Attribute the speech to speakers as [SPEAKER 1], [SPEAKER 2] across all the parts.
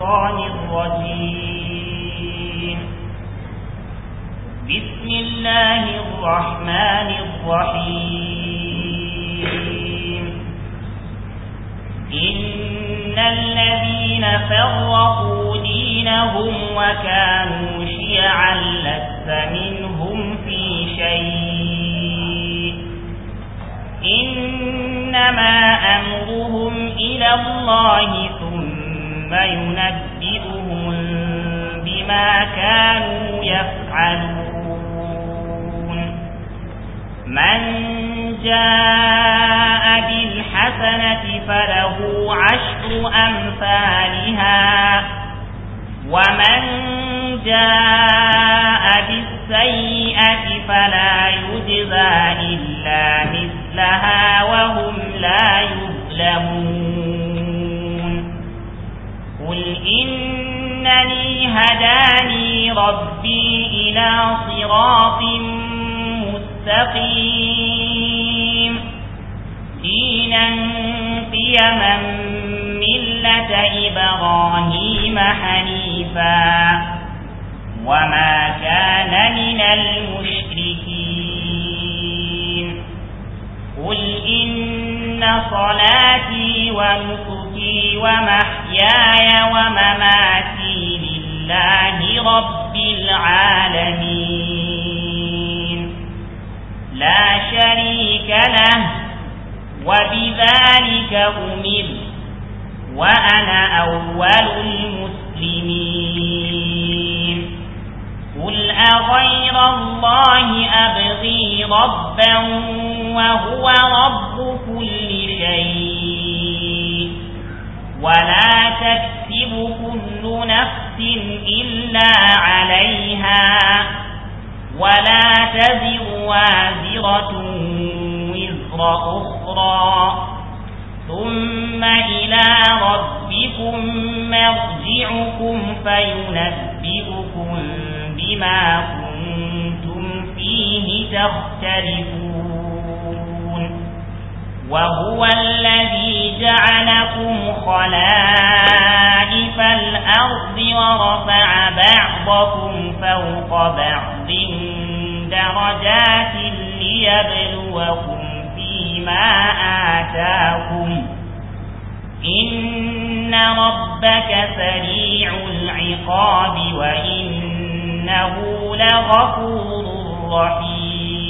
[SPEAKER 1] الشيطان الرجيم بسم الله الرحمن الرحيم إن الذين فرقوا دينهم وكانوا شيعا لست منهم في شيء إنما أمرهم إلى الله فينبئهم بما كانوا يفعلون من جاء بالحسنة فله عشر أمثالها ومن جاء بالسيئة فلا يجزى إلا مثلها وهم لا يظلمون قل إنني هداني ربي إلى صراط مستقيم دينا قيما ملة إبراهيم حنيفا وما كان من المشركين قل إن صلاتي ونصري نُشُورِي وَمَحْيَايَ وَمَمَاتِي لِلَّهِ رَبِّ الْعَالَمِينَ لَا شَرِيكَ لَهُ وَبِذَلِكَ أُمِرُ وَأَنَا أَوَّلُ الْمُسْلِمِينَ قُلْ أَغَيْرَ اللَّهِ أَبْغِي رَبًّا وَهُوَ رَبُّ كُلِّ شَيْءٍ ولا تكسب كل نفس إلا عليها ولا تزر وازرة وزر أخرى ثم إلى ربكم مرجعكم فينبئكم بما كنتم فيه تختلفون وهو الذي جعلكم خلائف الأرض ورفع بعضكم فوق بعض درجات ليبلوكم فيما آتاكم إن ربك سريع العقاب وإنه لغفور رحيم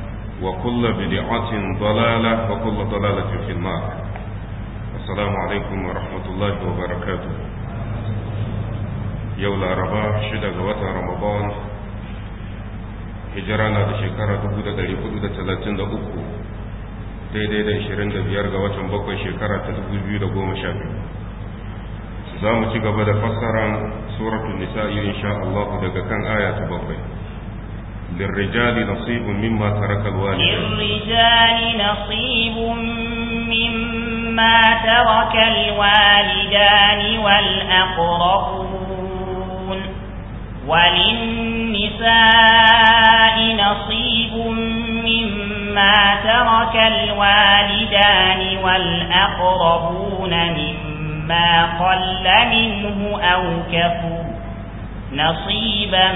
[SPEAKER 2] وكل بدعة ضلالة وكل ضلالة في النار السلام عليكم ورحمة الله وبركاته يولا ربا شدة غوات رمضان هجرانا da shekara 433 daidai da 25 ga watan bakwai shekara ta 2012 za mu ci gaba da fassara suratul nisa'i insha Allah daga kan aya ta bakwai للرجال نصيب مما ترك الوالدان
[SPEAKER 1] للرجال نصيب مما ترك الوالدان والأقربون وللنساء نصيب مما ترك الوالدان والأقربون مما قل منه أو كفر نصيبا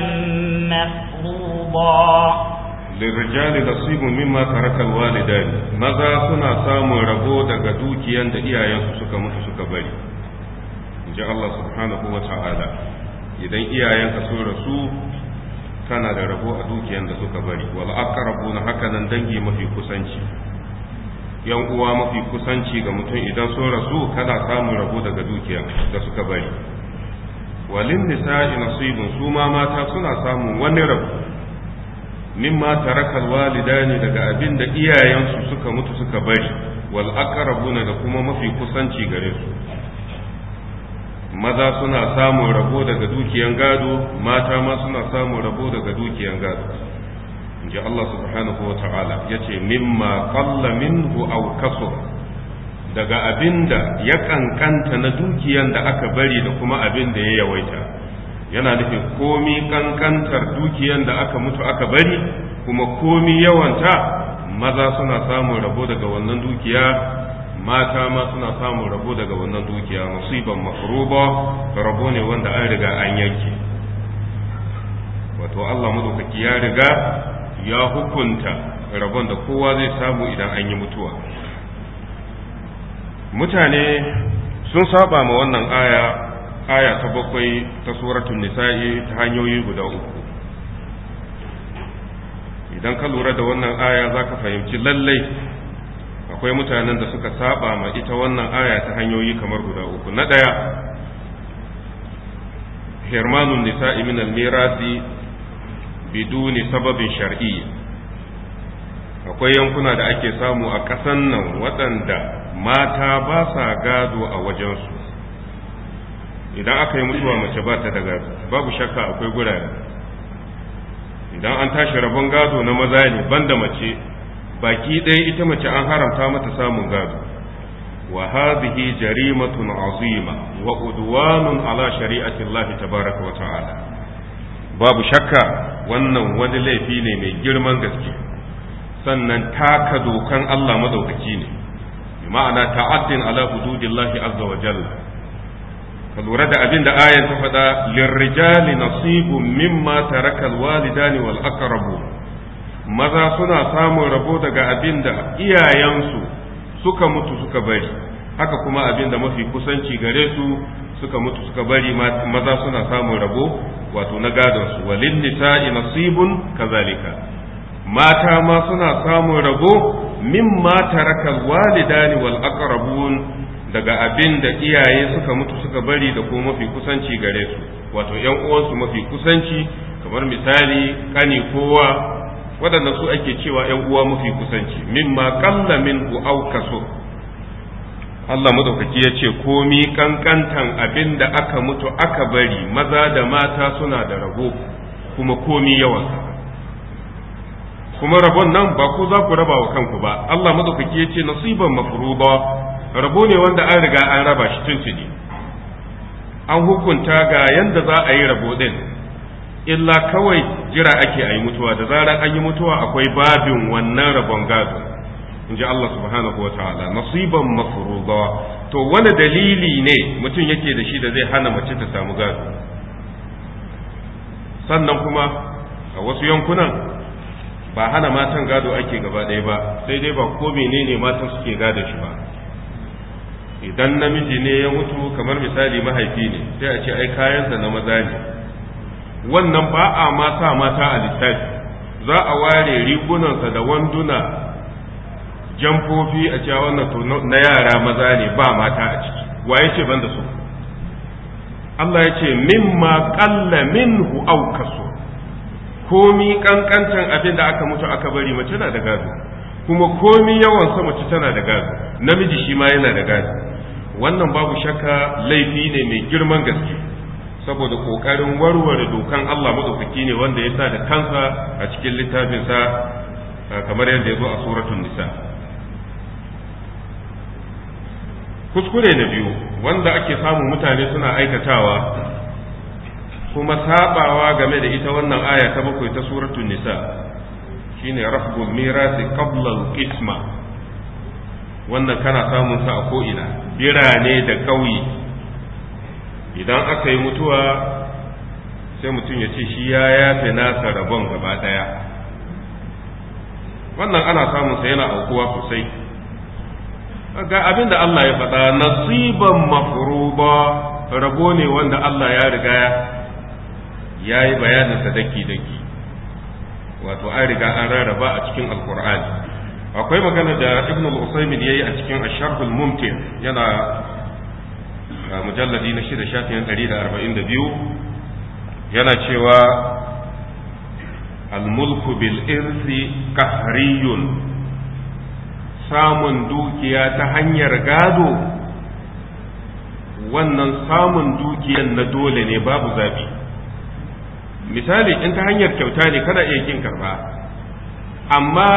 [SPEAKER 1] مفروضا محفوظا
[SPEAKER 2] للرجال نصيب مما ترك الوالدان maza suna samun rabo daga dukiyan da iyayensu suka mutu suka bari inji Allah subhanahu wa ta'ala idan iyayenka sun rasu kana da rabo a dukiyan da suka bari wal aqrabuna hakanan dangi mafi kusanci yan uwa mafi kusanci ga mutum idan sun rasu kana samun rabo daga dukiyan da suka bari walin nisa'i nasibun su ma mata suna samun wani rabu Min ma tarakal walidani daga abin da iyayensu suka mutu suka bari wal aqrabuna da kuma mafi kusanci gare su maza suna samun rabo daga dukiyan gado mata ma suna samun rabo daga dukiyan gado inji Allah subhanahu wa ta'ala yace mimma qalla minhu aw kasara daga abin da ya kankanta na dukiyan da aka bari da kuma abin da ya yawaita yana nufin komi kankantar dukiyan da aka mutu aka bari kuma komi yawanta maza suna samun rabo daga wannan dukiya mata ma suna samun rabo daga wannan dukiya musiban makruba rabo ne wanda an riga an yanke wato Allah madaukaki ya riga ya hukunta rabon da kowa zai samu idan an yi mutuwa mutane sun saba ma wannan aya aya ta bakwai ta suratul nisa'i ta hanyoyi guda uku idan ka lura da wannan aya za ka fahimci lallai akwai mutanen da suka saba ma ita wannan aya ta hanyoyi kamar guda uku na ɗaya hirmanun nisa'i min almirasi biduni sababin shar'i akwai yankuna da ake samu a ƙasan nan waɗanda mata ba sa gado a wajensu idan aka yi mutuwa mace ba ta da gado babu shakka akwai gurare idan an tashi rabon gado na maza ne banda mace baki ɗaya ita mace an haramta mata samun gado wa hadhihi jarimatun azima wa udwanun ala shari'ati Allah tabaraka wa ta'ala babu shakka wannan wani laifi ne mai girman gaske sannan taka dokan Allah madaukaki ne ma'ana ta'addin ala hududillahi azza wa jalla ka lura da abin da ayan ta faɗa lirrijali nasibu mimma taraka alwalidani wal aqrabu maza suna samun rabo daga abin da iyayensu suka mutu suka bari haka kuma abin da mafi kusanci gare su suka mutu suka bari maza suna samun rabo wato na gadon su walin nisa'i nasibun kazalika mata ma suna samun rabo min mata taraka walidani wal aqrabun daga abin da iyaye suka mutu suka bari da kuma mafi kusanci gare su wato yan uwansu mafi kusanci kamar misali kani kowa waɗanda su ake cewa yan uwa mafi kusanci min ma qalla ku aw kasu
[SPEAKER 1] Allah madaukaki ya ce komi kankantan abin da aka mutu aka bari maza da mata suna da rabo
[SPEAKER 2] kuma komi yawa kuma rabon nan ba ku za ku raba wa kanku ba Allah madaukaki yace nasiban mafruba rabo ne wanda an riga an raba shi tuntuni an hukunta ga yanda za a yi rabo din illa kawai jira ake a yi mutuwa da zarar an yi mutuwa akwai babin wannan rabon gado in ji Allah subhanahu wa ta'ala nasiban mafruba to wani dalili ne mutum yake da shi da zai hana mace ta samu gado sannan kuma a wasu yankunan ba hana matan gado ake gaba ɗaya ba sai dai ba ko menene matan suke gada shi ba idan namiji ne ya mutu kamar misali mahaifi ne sai a ce ai kayansa na maza ne wannan ba a ma sa mata a littafi za a ware rigunansa da wanduna jamfofi a cewa wannan to na yara maza ne ba mata a ciki waye ce ban su Allah ya ce mimma qalla minhu aw kasu komi kankantan abin da aka mutu aka bari mace na da gado kuma komi yawan sa mace tana da gado namiji shi ma yana da gado wannan babu shakka laifi ne mai girman gaske saboda kokarin warware dokan Allah madaukaki ne wanda ya sa da kansa a cikin littafinsa kamar yadda ya zo a suratul nisa kuskure na biyu wanda ake samun mutane suna aikatawa kuma sabawa game da ita wannan aya ta bakwai ta suratul nisa shine rafdul mirasi qabla al wannan kana samun sa a ko ina birane da kauye idan aka yi mutuwa sai mutum ya ce shi ya yafe nasa rabon gaba daya wannan ana samun sa yana aukuwa sosai ga abin da Allah ya faɗa nasiban mafruba rabo ne wanda Allah ya riga ya yi bayanin sa daki daki wato an riga an rarraba a cikin alkur'ani akwai magana da ibn al-usaymin yayi a cikin ash-sharh al-mumtin yana mujalladi na shida shafin 142 yana cewa al mulk bil irsi kahriyun samun dukiya ta hanyar gado wannan samun dukiyan na dole ne babu zabi misali in ta hanyar kyauta ne kana iya kin karba amma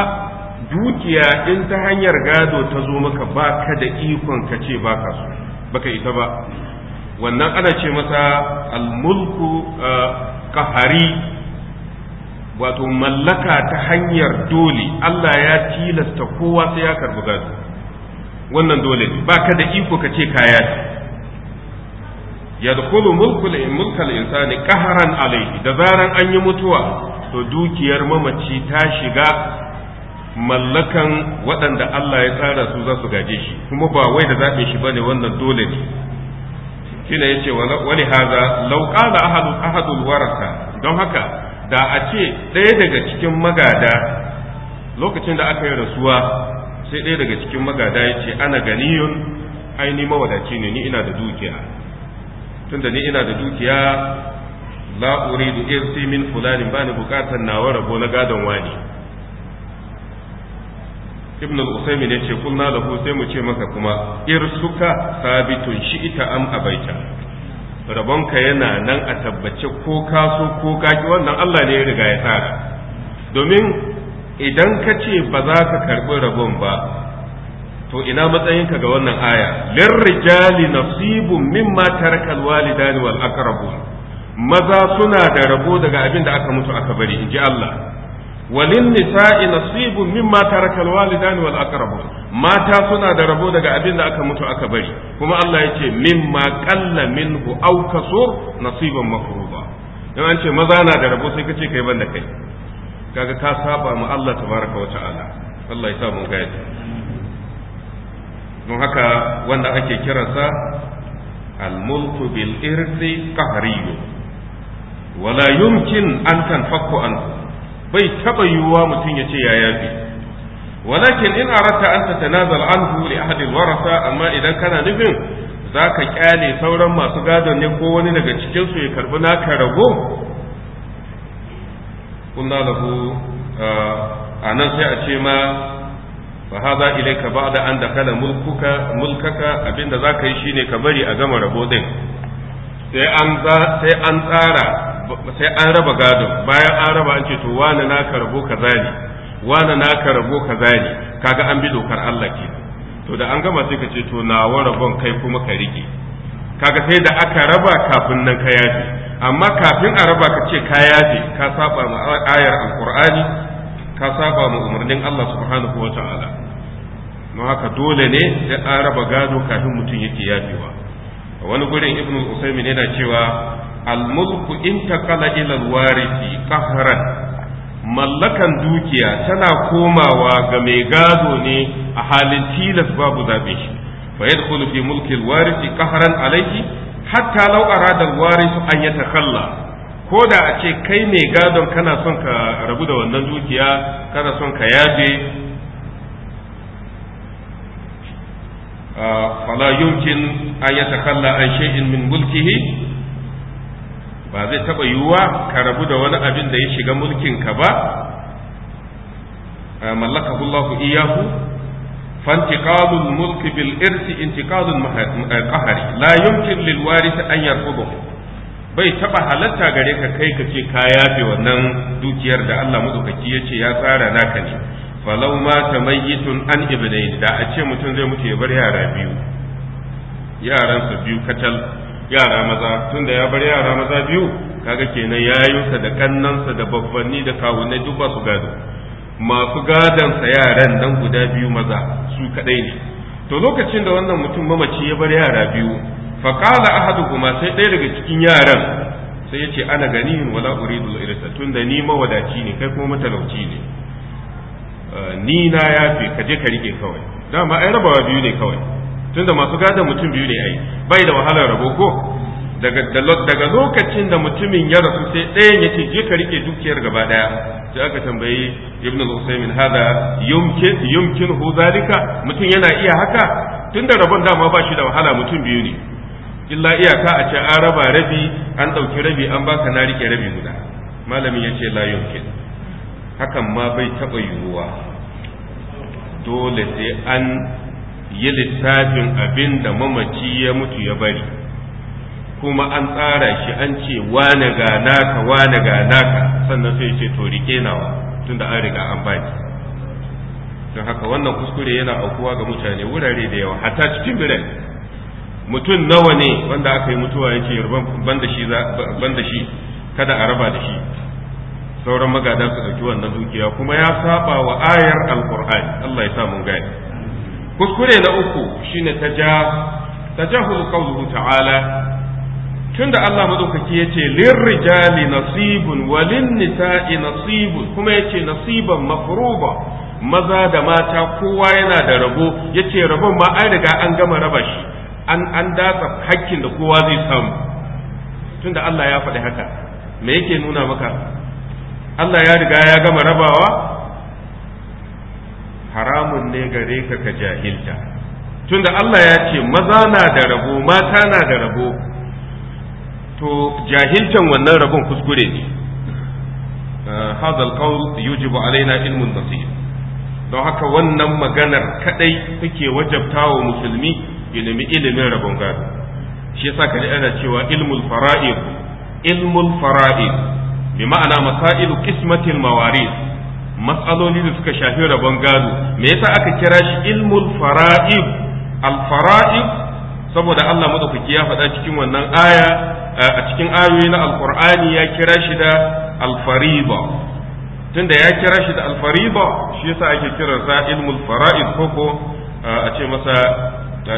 [SPEAKER 2] dukiya in ta hanyar gado ta zo maka ba ka da ikon ka ce ba ka so baka ita ba wannan ana ce masa almulku kahari uh, wato mallaka ta hanyar dole Allah ya tilasta kowa sai ya karbi gado wannan dole ba ka da iko ka ce kaya yadkhulu mulkul mulkal insani qahran alayhi da zaran an yi mutuwa to dukiyar mamaci ta shiga mallakan waɗanda Allah ya tsara su za su gaje shi kuma ba wai da zabe shi bane wannan dole ne kina yace wani haza law qala ahadu ahadul warasa don haka da a ce ɗaya daga cikin magada lokacin da aka yi rasuwa sai ɗaya daga cikin magada yace ana ganiyun ai ni mawadaci ne ni ina da dukiya tunda ni ina da dukiya la uridu irsi min fulani bani bukatan nawa rabo na gadon wani ibn al-usaymin yace kulna lahu sai mu ce maka kuma irsuka sabitun shi ita am abaita ka yana nan a tabbace ko ka so ko ka ki wannan Allah ne ya riga ya tsara domin idan ka ce ba za ka karbi rabon ba to ina matsayinka ga wannan aya lirrijali nasibun mimma taraka alwalidan wal aqrabun maza suna da rabo daga abin da aka mutu aka bari inji Allah walin nisa'i nasibun mimma taraka alwalidan wal aqrabun mata suna da rabo daga abin da aka mutu aka bari kuma Allah yace mimma qalla minhu aw kasur nasiban mafruḍa dan an ce maza na da rabo sai kace kai banda kai kaga ka saba mu Allah tabaraka wa ta'ala Allah ya sa mu gaida don haka wanda ake kiransa al-mulku bil irsi qahriyyu wala yumkin an tanfaku an bai taba yiwuwa mutum ya ce ya bi walakin in rata an tatanazal anhu li ahadi al-warasa amma idan kana nufin zaka kyale sauran masu gadon ne ko wani daga cikin su ya karbi naka rago kullu lahu anan sai a ce ma fa hadha ilayka ba'da an dakala mulkuka mulkaka abinda zaka yi shine ka bari a gama rabo din sai an tsara sai an raba gado bayan an raba an ce to wani na ka rabo ka ne wani na ka rabo kaza ne kaga an bi dokar Allah ke to da an gama sai ka ce to nawa rabon kai kuma ka rike kaga sai da aka raba kafin nan ka yafe amma kafin a raba ka ce ka yafe ka saba ma ayar alqur'ani ka saba mu umarnin Allah subhanahu wa ta'ala don haka dole ne da an raba gado kafin mutum yake yafewa wani gurin ibn usaimin yana cewa almulku in taqala ila alwarithi qahran mallakan dukiya tana komawa ga mai gado ne a halin tilas babu zabe shi fa yadkhulu fi mulki alwarithi qahran alayhi hatta law arada alwarith an yatakhalla ko da a ce kai ne gadon kana son ka rabu da wannan dukiya kana son ka yabe ah, fala yumkin an ya takalla an shay'in min mulkihi ba zai taɓa yiwuwa ka rabu da wani abin da ya shiga mulkinka ba ah, mallakahu Allahu iyahu فانتقال الملك بالإرث انتقال قهري لا يمكن للوارث أن يرفضه bai taba halatta gare ka kai ka ce ka yafe wannan dukiyar da Allah madaukaki ya ce ya tsara naka ne falau ma ta an ibnai da a ce mutum zai mutu ya bar yara biyu yaransa biyu katal yara maza tunda ya bar yara maza biyu kaga kenan yayunsa da kannansa da babbanni da kawunai duk ba su gado masu gadonsa yaran nan guda biyu maza su kadai ne to lokacin da wannan mutum mamaci ya bar yara biyu faƙala ahaduhuma sai ɗaya daga cikin yaran sai ya ce ana gani wala uridu irsa tun da ni mawadaci ne kai kuma matalauci ne ah, ni na yafe kaje ka rike kawai dama ai rabawa biyu ne kawai tunda masu gadon mutum biyu ne ai bai da wahalar rabo ko daga lokacin da mutumin ya rasu sai ɗayan ya ce je ka rike dukiyar gaba ɗaya sai aka tambayi ibnu al-usaymin hada yumkin yumkin hu zalika mutum yana iya haka tunda rabon dama ba shi da wahala mutum biyu ne illa iyaka a ce an raba rabi an ɗauki rabi an baka na rike rabi guda malamin ya ce la yumkin hakan ma bai taɓa yiwuwa dole sai an yi lissafin abin da mamaci ya mutu ya bari kuma an tsara shi an ce wane ga naka wane ga naka sannan sai ce to rike nawa tunda an riga an bani don haka wannan kuskure yana aukuwa ga mutane wurare da yawa hatta cikin birane mutum nawa ne wanda aka yi mutuwa yake ban da shi kada a raba da shi sauran magada su ɗauki wannan dukiya kuma ya saba wa ayar alkur'ani Allah ya sa mun kuskure na uku shine ta ja qawluhu ta'ala tunda Allah ce yace lirrijali nasibun walin nisa'i nasibun kuma ya ce nasiban mafuruba maza da mata kowa yana da rabo ya ce rabon ma an daga an gama raba shi an an dasa hakkin da kowa zai samu tunda Allah ya faɗi haka me yake nuna maka Allah ya riga ya gama rabawa haramun ne gare ka ka jahilta tunda Allah ya ce maza na da rabo mata na da rabo to jahiltan wannan rabon kuskure ne uh, hadal القول yujibu alaina ilmun النصيب don haka wannan maganar kadai take wajabta wa musulmi ya nemi ilimin rabon gado shi yasa kaji ana cewa ilmul fara'id ilmul fara'id bi ma'ana masailu qismatil mawarid matsaloli da suka shafi rabon gado me yasa aka kira shi ilmul fara'id al fara'id saboda Allah madaukaki ya faɗa cikin wannan aya a cikin ayoyi na alqur'ani ya kira shi da al fariba tunda ya kira shi da alfariba shi yasa ake kiransa ilmul fara'id koko a ce masa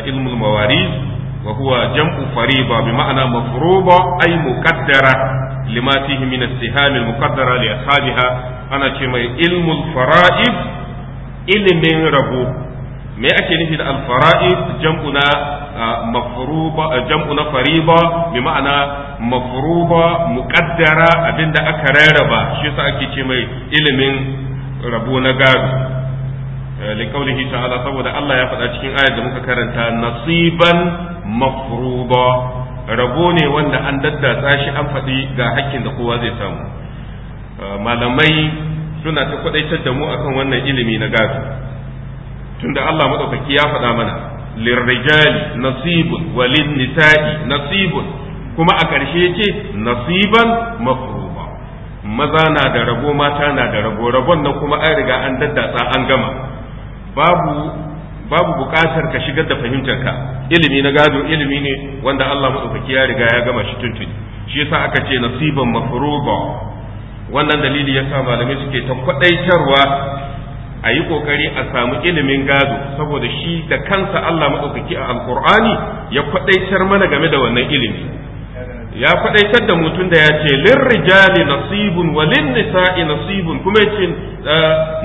[SPEAKER 2] ilmul mawaris wa huwa jam'u fariba bi ma'ana mafruba ay muqaddara lima fihi min as-siham al-muqaddara li ashabiha ana ce mai ilmul fara'id ilimin rabu me ake nufi da al-fara'id jam'u na mafruba jam'u na fariba bi ma'ana mafruba muqaddara abinda aka rarraba shi yasa ake ce mai ilimin rabo na gado Eh, liqaulihi ta'ala saboda Allah ya faɗa cikin ayar da muka karanta nasiban mafruba rabo ne wanda an daddatsa shi an faɗi ga hakkin da kowa zai samu eh, malamai suna ta kwadaitar da mu akan wannan ilimi na gado tunda Allah madaukaki ya faɗa mana lirigali nasibun walin nisa'i nasibun kuma a ƙarshe ce nasiban mafruba maza na da rabo mata na da rabo rabon nan kuma an riga an daddatsa an gama babu babu bukatar ka shigar da fahimtar ka ilimi na gado ilimi ne wanda Allah madaukaki ya riga ya gama shi tuntuni shi yasa aka ce nasiban mafruba wannan dalili yasa malamai suke ta kwadaitarwa a yi kokari a samu ilimin gado saboda shi da kansa Allah madaukaki a alqur'ani ya kwadaitar mana game da wannan ilimi ya kwadaitar da mutum da ya ce lirrijali nasibun walin nisa'i nasibun kuma ya ce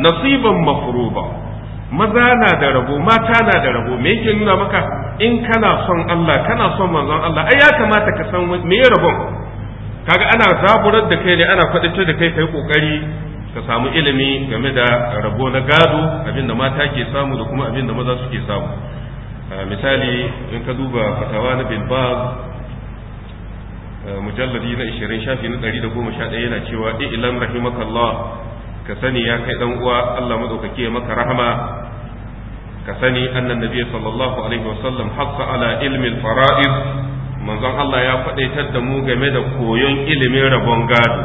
[SPEAKER 2] nasiban mafruba maza na da rabo mata na da rabo me yake nuna maka in kana son Allah kana son manzon Allah ai ya kamata ka san me ya rabon kaga ana zaburar da kai ne ana kwadace da kai kai kokari ka samu ilimi game da rabo na gado abinda mata ke samu da kuma abinda maza suke samu ah, misali in ka duba fatawa na bin ah, mujalladi na 20 shafi na 111 yana cewa ilam rahimakallah ka sani ya kai dan uwa Allah madaukake ya maka rahama ka sani annan nabi sallallahu alaihi wasallam haqqa ala ilmi al-fara'id manzon Allah ya faɗaitar da mu game da koyon ilimin rabon gado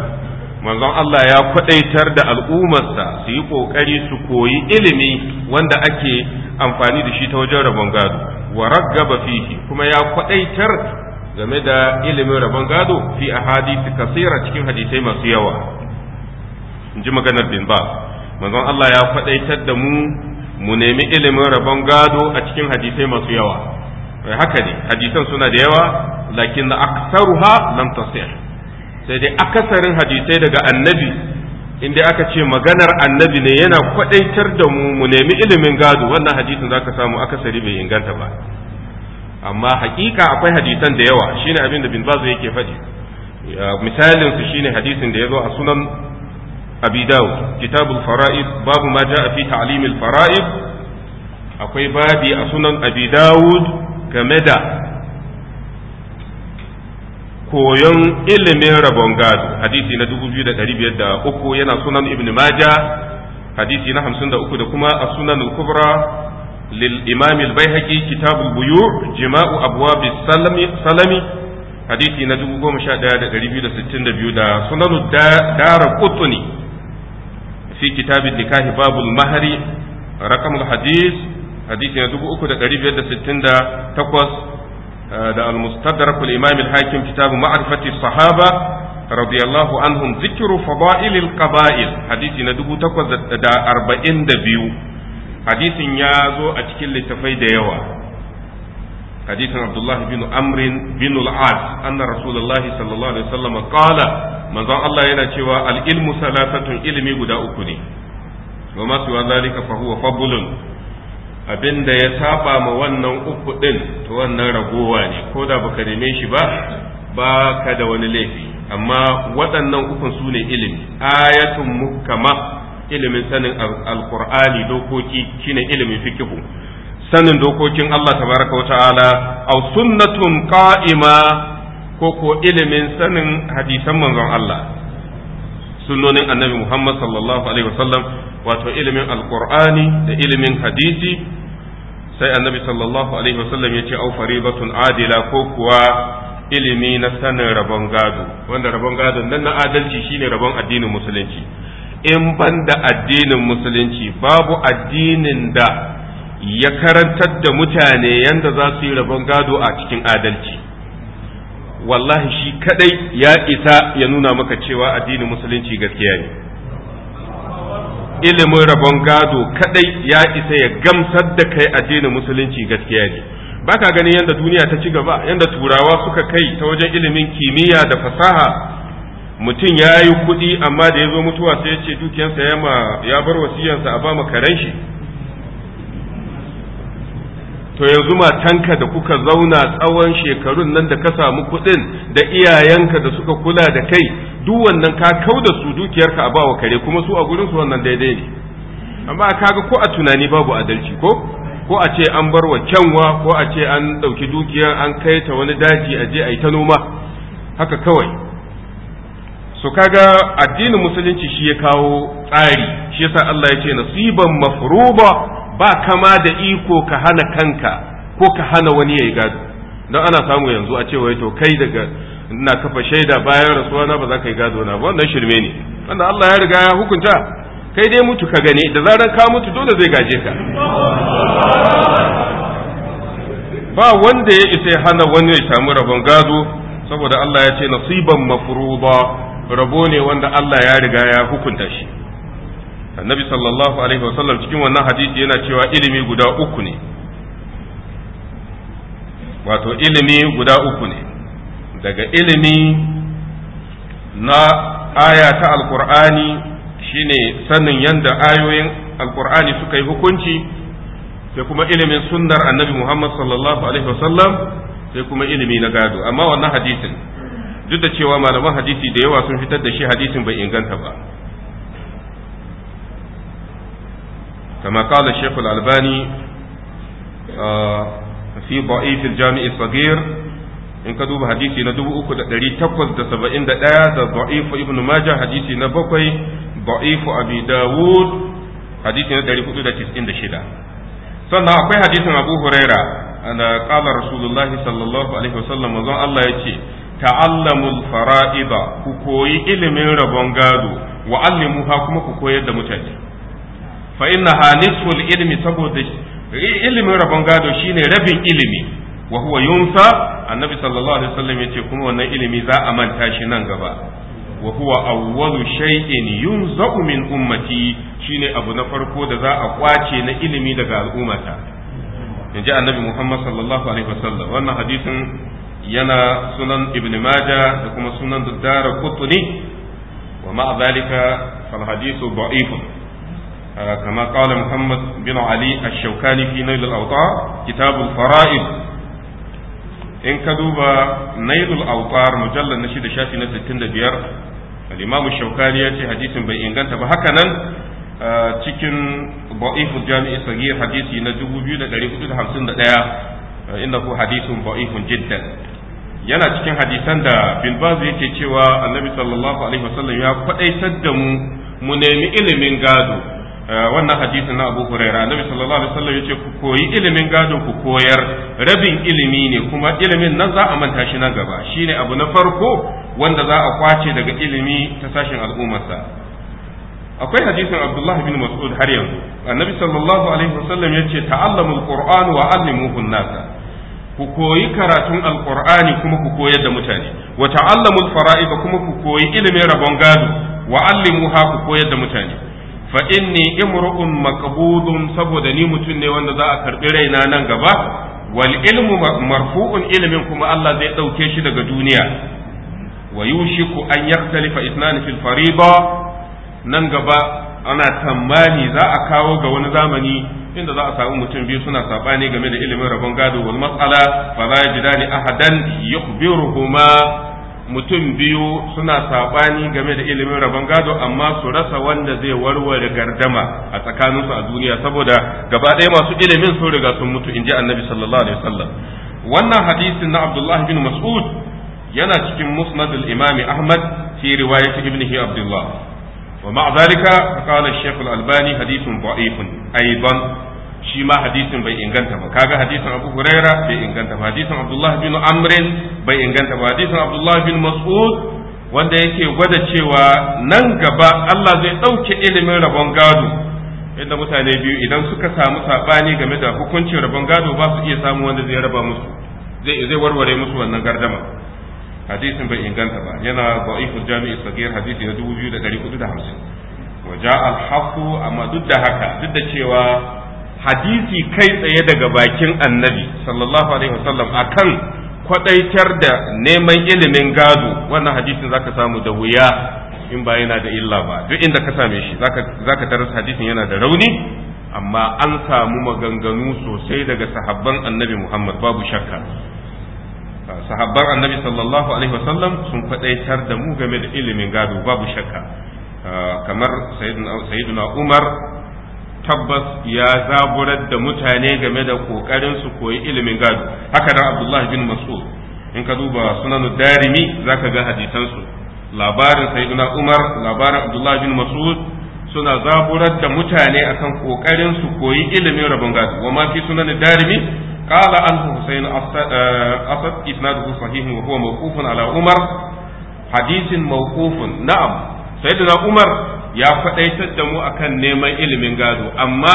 [SPEAKER 2] manzon Allah ya faɗaitar da al'ummarsa su yi ƙoƙari su koyi ilimi wanda ake amfani da shi ta wajen rabon gado wa raggaba fihi kuma ya faɗaitar game da ilimin rabon gado fi ahadisi kasira cikin hadisai masu yawa in ji maganar bin ba manzon Allah ya faɗaitar da mu mu nemi ilimin rabon gado a cikin hadisai masu yawa haka ne hadisan suna da yawa lakin na aksaruha lam tasih sai dai akasarin hadisai daga annabi inda aka ce maganar annabi ne yana kwadaitar da mu mu nemi ilimin gado wannan hadisin zaka samu akasari bai inganta ba amma hakika akwai hadisan da yawa shine abin da bin bazu yake faɗi misalin su shine hadisin da ya zo a sunan abi dawud kitabul fara'id babu ma ja'a fi ta'limil fara'id akwai babi a sunan abi dawud game da koyon ilimin rabon gado hadisi na 2503 yana sunan ibn maja hadisi na 53 da kuma a sunan kubra lil البيهقي كتاب البيوع جماع أبواب السلم سلمي حديثي ندبو قوم شاد ربيو دا ستين دا سنن دار قطني fi kitabin nikahi babul mahari rakamul hadis hadisi na dubu uku da ɗari da sittin da takwas eh, da almustadrak al-imam al-hakim kitabu ma'rifati fahaba radiyallahu anhum zikru fada'il al-qaba'il hadisi na dubu takwas da arba'in da biyu hadisin ya zo a cikin littattafai da yawa حديث عبد الله بن عمرو بن العاص أن رسول الله صلى الله عليه وسلم قال من ظن الله ينا شوى العلم ثلاثة علم قد أكني وما سوى ذلك فهو فضل abin da ya saba ma wannan uku ɗin ta wannan ragowa ne ko da baka neme shi ba ba ka da wani laifi amma waɗannan ukun su ne ilimi ayatun mukama ilimin sanin alkur'ani dokoki shine ilimin fikihu sanin dokokin Allah tabaraka wa ta'ala aw sunnatun qa'ima ko ko ilimin sanin hadisan manzon Allah sunnonin annabi Muhammad sallallahu alaihi wasallam wato ilimin alqur'ani da ilimin hadisi sai annabi sallallahu alaihi wasallam yace aw faridatun adila ko kuwa ilimi na sanin rabon gado wanda rabon gado nan na adalci shine rabon addinin musulunci in ban da addinin musulunci babu addinin da ya karantar da mutane yanda za su yi rabon gado a cikin adalci wallahi shi kadai ya isa ya nuna maka cewa addinin musulunci gaskiya ne ilimin rabon gado kadai ya isa ya gamsar da kai addinin musulunci gaskiya ne ba ka ganin yadda duniya ta ci gaba yadda turawa suka kai ta wajen ilimin kimiyya da fasaha mutum ya yi kuɗi amma da ya zo mutuwa sai ya ce dukiyansa ya bar wasiyansa a ba karen shi to yanzu matanka da kuka zauna tsawon shekarun nan da ka samu kuɗin da iyayenka da suka kula da kai duk wannan ka kau da su dukiyarka a bawa kare kuma su a gurin su wannan daidai ne amma kaga ko a tunani babu adalci ko ko a ce an bar wa kyanwa ko a ce an ɗauki dukiyar an kai ta wani daji a je a yi ta noma haka kawai su kaga addinin musulunci shi ya kawo tsari shi yasa Allah ya ce nasiban mafruba ba kama da iko ka hana kanka ko ka hana wani ya yi gado don ana samu yanzu a cewa to kai daga na kafa shaida bayan rasuwa na ba za ka yi gado na ba wannan shirme ne Wanda Allah ya riga ya hukunta kai dai mutu ka gani da zarar ka mutu dole zai gaje ka ba wanda ya isa hana wani ya samu rabon gado saboda Allah ya ce nasiban mafruḍa rabo ne wanda Allah ya riga ya hukunta shi annabi sallallahu alaihi wasallam cikin wannan hadisi yana cewa ilimi guda uku ne wato ilimi guda uku ne daga ilimi na aya ta alkur'ani shine sanin yadda ayoyin alkur'ani suka yi hukunci sai kuma ilimin sunnar annabi muhammad sallallahu alaihi wasallam sai kuma ilimi na gado amma wannan hadisin duk da cewa malaman hadisi da yawa sun fitar da shi hadisin bai inganta ba كما قال الشيخ الألباني في ضعيف الجامع الصغير in ka duba hadisi na dubu uku da ɗari takwas da saba'in da ɗaya da da'ifu ibn majah hadisi na bakwai da'ifu abi dawud hadisi na ɗari hudu da tisin da shida sannan akwai hadisin abu huraira da ƙalar rasulullahi sallallahu alaihi wasallam manzon allah ya ce ta'allamul fara'ida ku koyi ilimin rabon gado wa kuma ku koyar da mutane fa inna ha nisful ilmi saboda ilimin rabon gado shine rabin ilimi wa huwa yunsa annabi sallallahu alaihi wasallam yace kuma wannan ilimi za a manta shi nan gaba wa huwa awwalu shay'in yunza'u min ummati shine abu na farko da za a kwace na ilimi daga al'ummata
[SPEAKER 1] inji annabi Muhammad sallallahu alaihi wasallam wannan hadisin yana sunan ibn maja da kuma sunan dudara qutni
[SPEAKER 2] wa ma'a dhalika fal hadithu da'ifun كما قال محمد بن علي الشوكاني في نيل الأوطار كتاب الفرائض
[SPEAKER 1] إن كذوب نيل
[SPEAKER 2] الأوطار مجلد نشيد شافي نسل بير الإمام الشوكاني يأتي حديث بإن كنت بهكذا cikin ba'ifu jami'i sagir hadisi na 2451 inda ku hadisun ba'ifun jiddan yana cikin hadisan da bin yake cewa annabi sallallahu alaihi wasallam ya faɗaitar da mu mu nemi ilimin gado Eh, wannan hadisin na Abu Huraira Annabi sallallahu alaihi wasallam yace ku koyi ilimin gado ku koyar rabin ilimi ne kuma ilimin nan za a manta shi nan gaba shine abu na farko wanda za a kwace daga ilimi ta sashen al'ummarsa akwai hadisin Abdullah bin Mas'ud har yanzu Annabi sallallahu alaihi wasallam yace ta'allamul Qur'an wa 'allimuhu nasa ku koyi karatun alqur'ani kuma ku koyar da mutane wa ta'allamul fara'id kuma ku koyi ilimin rabon gado wa 'allimuha ku koyar da mutane fa inni imru'un maqbudun saboda ni mutum ne wanda za a karbi raina nan gaba wal ilmu marfu'un ilimin kuma Allah zai dauke shi daga duniya wa yushiku an yaktalifa isnan fil fariba nan gaba ana tsammani za a kawo ga wani zamani inda za a samu mutum biyu suna sabani game da ilimin rabon gado wal mas'ala fa la yajidani ahadan yukhbiruhuma mutum biyu suna saɓani game da ilimin rabon gado amma su rasa wanda zai warware gardama a tsakaninsu a duniya saboda gaba ɗaya masu ilimin sun riga sun mutu in ji annabi sallallahu alaihi wasallam wannan hadisin na abdullahi bin mas'ud yana cikin musnad al-imam ahmad fi riwayat ibn abdullah wa ma'a zalika qala al-shaykh al-albani hadithun da'ifun aidan shi ma hadisin bai inganta ba kaga hadisin Abu Huraira bai inganta ba hadisin Abdullah bin Amr bai inganta ba hadisin Abdullah bin Mas'ud wanda yake gwada cewa nan gaba Allah zai ɗauke ilimin rabon gado inda mutane biyu idan suka samu sabani game da hukuncin rabon gado ba su iya samu wanda zai raba musu zai zai warware musu wannan gardama hadisin bai inganta ba yana da'iful jami'i sagir hadisi na 2450 wa hamsin. al-haqqu amma duk da haka duk da cewa hadisi kai tsaye daga bakin annabi sallallahu alaihi wasallam akan kwadaitar da neman ilimin gado wannan hadisin zaka samu da wuya in ba yana da illa ba duk inda ka same shi zaka zaka taras hadisin yana da rauni amma an samu maganganu sosai daga sahabban annabi Muhammad babu shakka sahabban annabi sallallahu alaihi wasallam sun kwadaitar da mu game da ilimin gado babu shakka kamar sayyiduna Umar tabbas ya zaburar da mutane game da kokarin su koyi ilimin gado haka da abdullahi bin mas'ud in ka duba sunan darimi zaka ga hadisan su labarin sayyidina umar labarin abdullahi bin mas'ud suna zaburar da mutane akan kokarin su koyi ilimin rabon gado wa ma fi sunan darimi قال عنه حسين أسد إسناده صحيح وهو موقوف على عمر حديث موقوف نعم سيدنا عمر ya kwadaitar da mu akan neman ilimin gado amma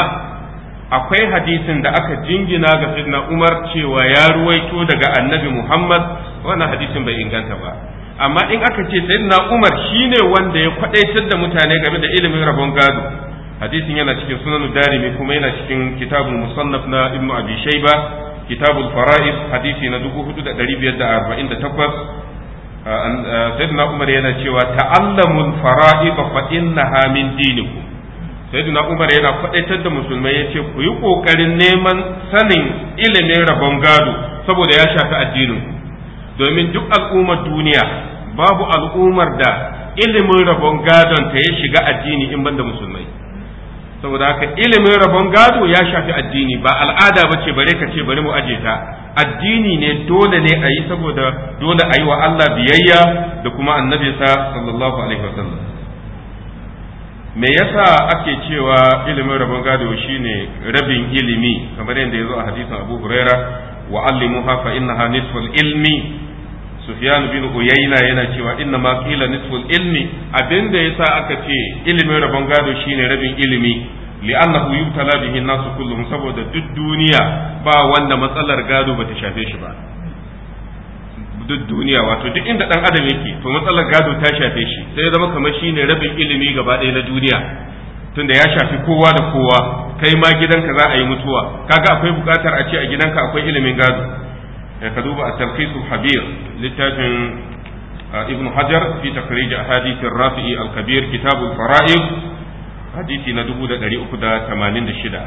[SPEAKER 2] akwai hadisin da aka jingina ga sidna umar cewa ya ruwaito daga annabi muhammad wannan hadisin bai inganta ba amma in aka ce sayyidina umar shine wanda ya kwadaitar da mutane game da ilimin rabon gado hadisin yana cikin sunan darimi kuma yana cikin kitabun musannaf na ibnu abi shayba kitabul fara'id hadisi na 4548 sayyidina umar yana cewa ta'allamul fara'id fa innaha min sayyidina umar yana kwadaitar da musulmai yace ku yi kokarin neman sanin ilimin rabon gado saboda ya shafi addinin domin duk al'ummar duniya babu al'ummar da ilimin rabon gadon ta ya shiga addini in banda musulmai saboda haka ilimin rabon gado ya shafi addini ba al'ada bace bare ka ce bari mu aje ta addini ne dole ne a yi saboda dole a yi wa Allah biyayya da kuma annabi sa sallallahu alaihi wasallam me yasa ake cewa ilimin rabon gado shine rabin ilimi kamar yadda ya zo a hadisin Abu Huraira wa allimuha fa innaha nisful ilmi Sufyan bin Uyayna yana cewa inna ma qila nisful ilmi abinda yasa aka ce ilimin rabon gado shine rabin ilimi li'annahu yubtala bihi nasu kullum saboda duk duniya ba wanda matsalar gado bata shafe shi ba duk duniya wato duk inda dan adam yake to matsalar gado ta shafe shi sai ya zama kamar shine rabin ilimi gaba ɗaya na duniya tunda ya shafi kowa da kowa kai ma gidanka za a yi mutuwa kaga akwai bukatar a ce a gidanka akwai ilimin gado ka duba a tarkisul habir littafin ibn hajar fi takrij ahadith ar-rafi'i al-kabir kitab al-fara'id hadisi na shida.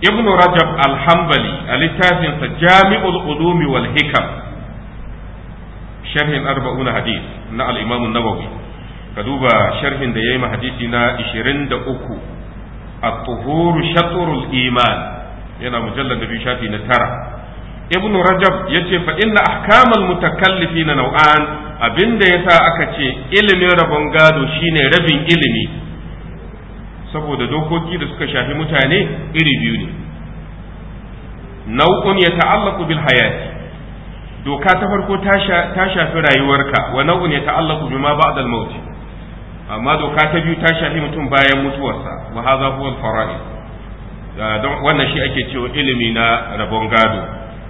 [SPEAKER 2] ibn rajab al-hanbali a littafinsa jami'ul ulumi wal hikam sharhin arba'u na hadis na al-imam an-nawawi ka duba sharhin da yayi hadisi na uku a tuhuru shatrul iman yana da biyu shafi na tara ibn rajab ya yace fa inna ahkamal na nau'an, abinda yasa aka ce ilimin rabon gado shine rabin ilimi saboda dokoki da suka shafi mutane iri biyu ne nau'un ya ta'allaku bil hayati doka ta farko ta shafi rayuwarka wa nau'un ya ta'allaku ma ba'da al maut amma doka ta biyu ta shafi mutum bayan mutuwarsa wa hadha huwa al fara'id don wannan shi ake cewa ilimi na rabon gado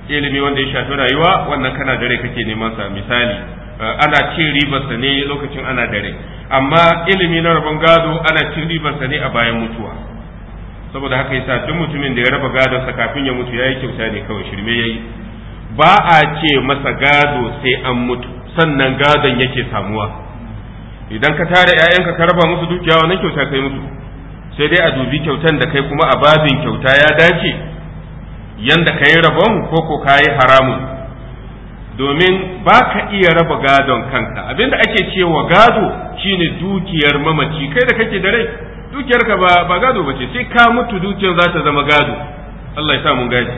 [SPEAKER 2] ilimi wanda ya shafi rayuwa wannan kana dare kake neman sa misali Eh, ana cin ribarsa ne lokacin ana dare amma ilimi na rabon gado ana cin ribarsa ne a bayan mutuwa saboda haka yasa duk mutumin da ya raba sa, kafin ya mutu yayi kyauta ne kawai shirme yayi ba a ce masa gado sai an mutu sannan gadon yake samuwa idan ka tara ƴaƴanka ka raba musu dukiya wannan kyauta kai mutu, sai dai a dubi kyautan da kai kuma a babin kyauta ya dace yanda kai rabon ko ko kai haramun domin ba ka iya raba gadon kanka abinda ake cewa gado shine dukiyar mamaci kai da kake da rai dukiyarka ba ba gado bace sai ka mutu dukiyar za ta zama gado Allah ya sa mun gaji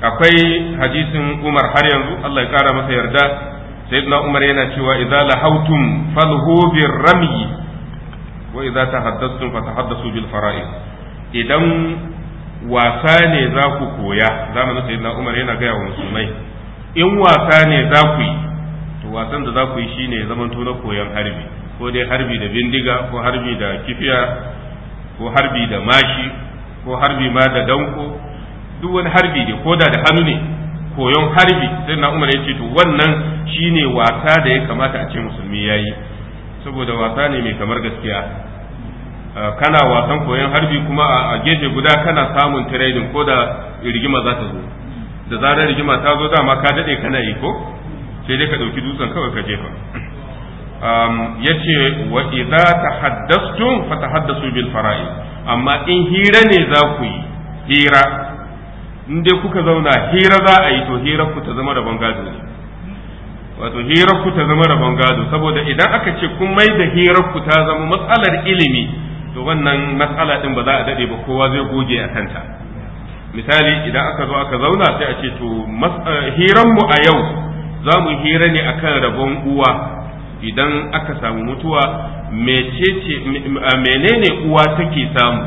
[SPEAKER 2] akwai hadisin Umar har yanzu Allah ya kara masa yarda sayyidina Umar yana cewa idza lahautum falhu birrami wa idza tahaddathtum fatahaddathu bil fara'id idan wasa ne za ku koya zamanin sayyidina Umar yana gaya wa musulmai in wasa ne za ku yi to wasan da za ku yi shine ya zama na koyon harbi ko dai harbi da bindiga ko harbi da kifiya ko harbi da mashi ko harbi ma da danko duk wani harbi ne ko da da hannu ne koyon harbi sai na umar ya ce to wannan shine wasa da ya kamata a ce musulmi ya yi saboda wasa ne mai kamar gaskiya kana wasan koyon harbi kuma a gefe guda kana samun tiredin ko da rigima za ta zo da zarar rigima ta zo dama ka daɗe kana yi ko sai dai ka ɗauki dutsen kawai ka jefa ya ce wa idza tahaddastu fa tahaddasu bil fara'i amma in hira ne za ku yi hira in dai kuka zauna hira za a yi to hira ku ta zama rabon gado ne wato hira ku ta zama rabon gado saboda idan aka ce kun mai da hira ku ta zama matsalar ilimi to wannan matsala din ba za a dade ba kowa zai goge a kanta misali idan aka zo aka zauna sai a ce to eh, hiranmu a yau za mu hira ne akan rabon uwa idan aka samu mutuwa menene uwa take samu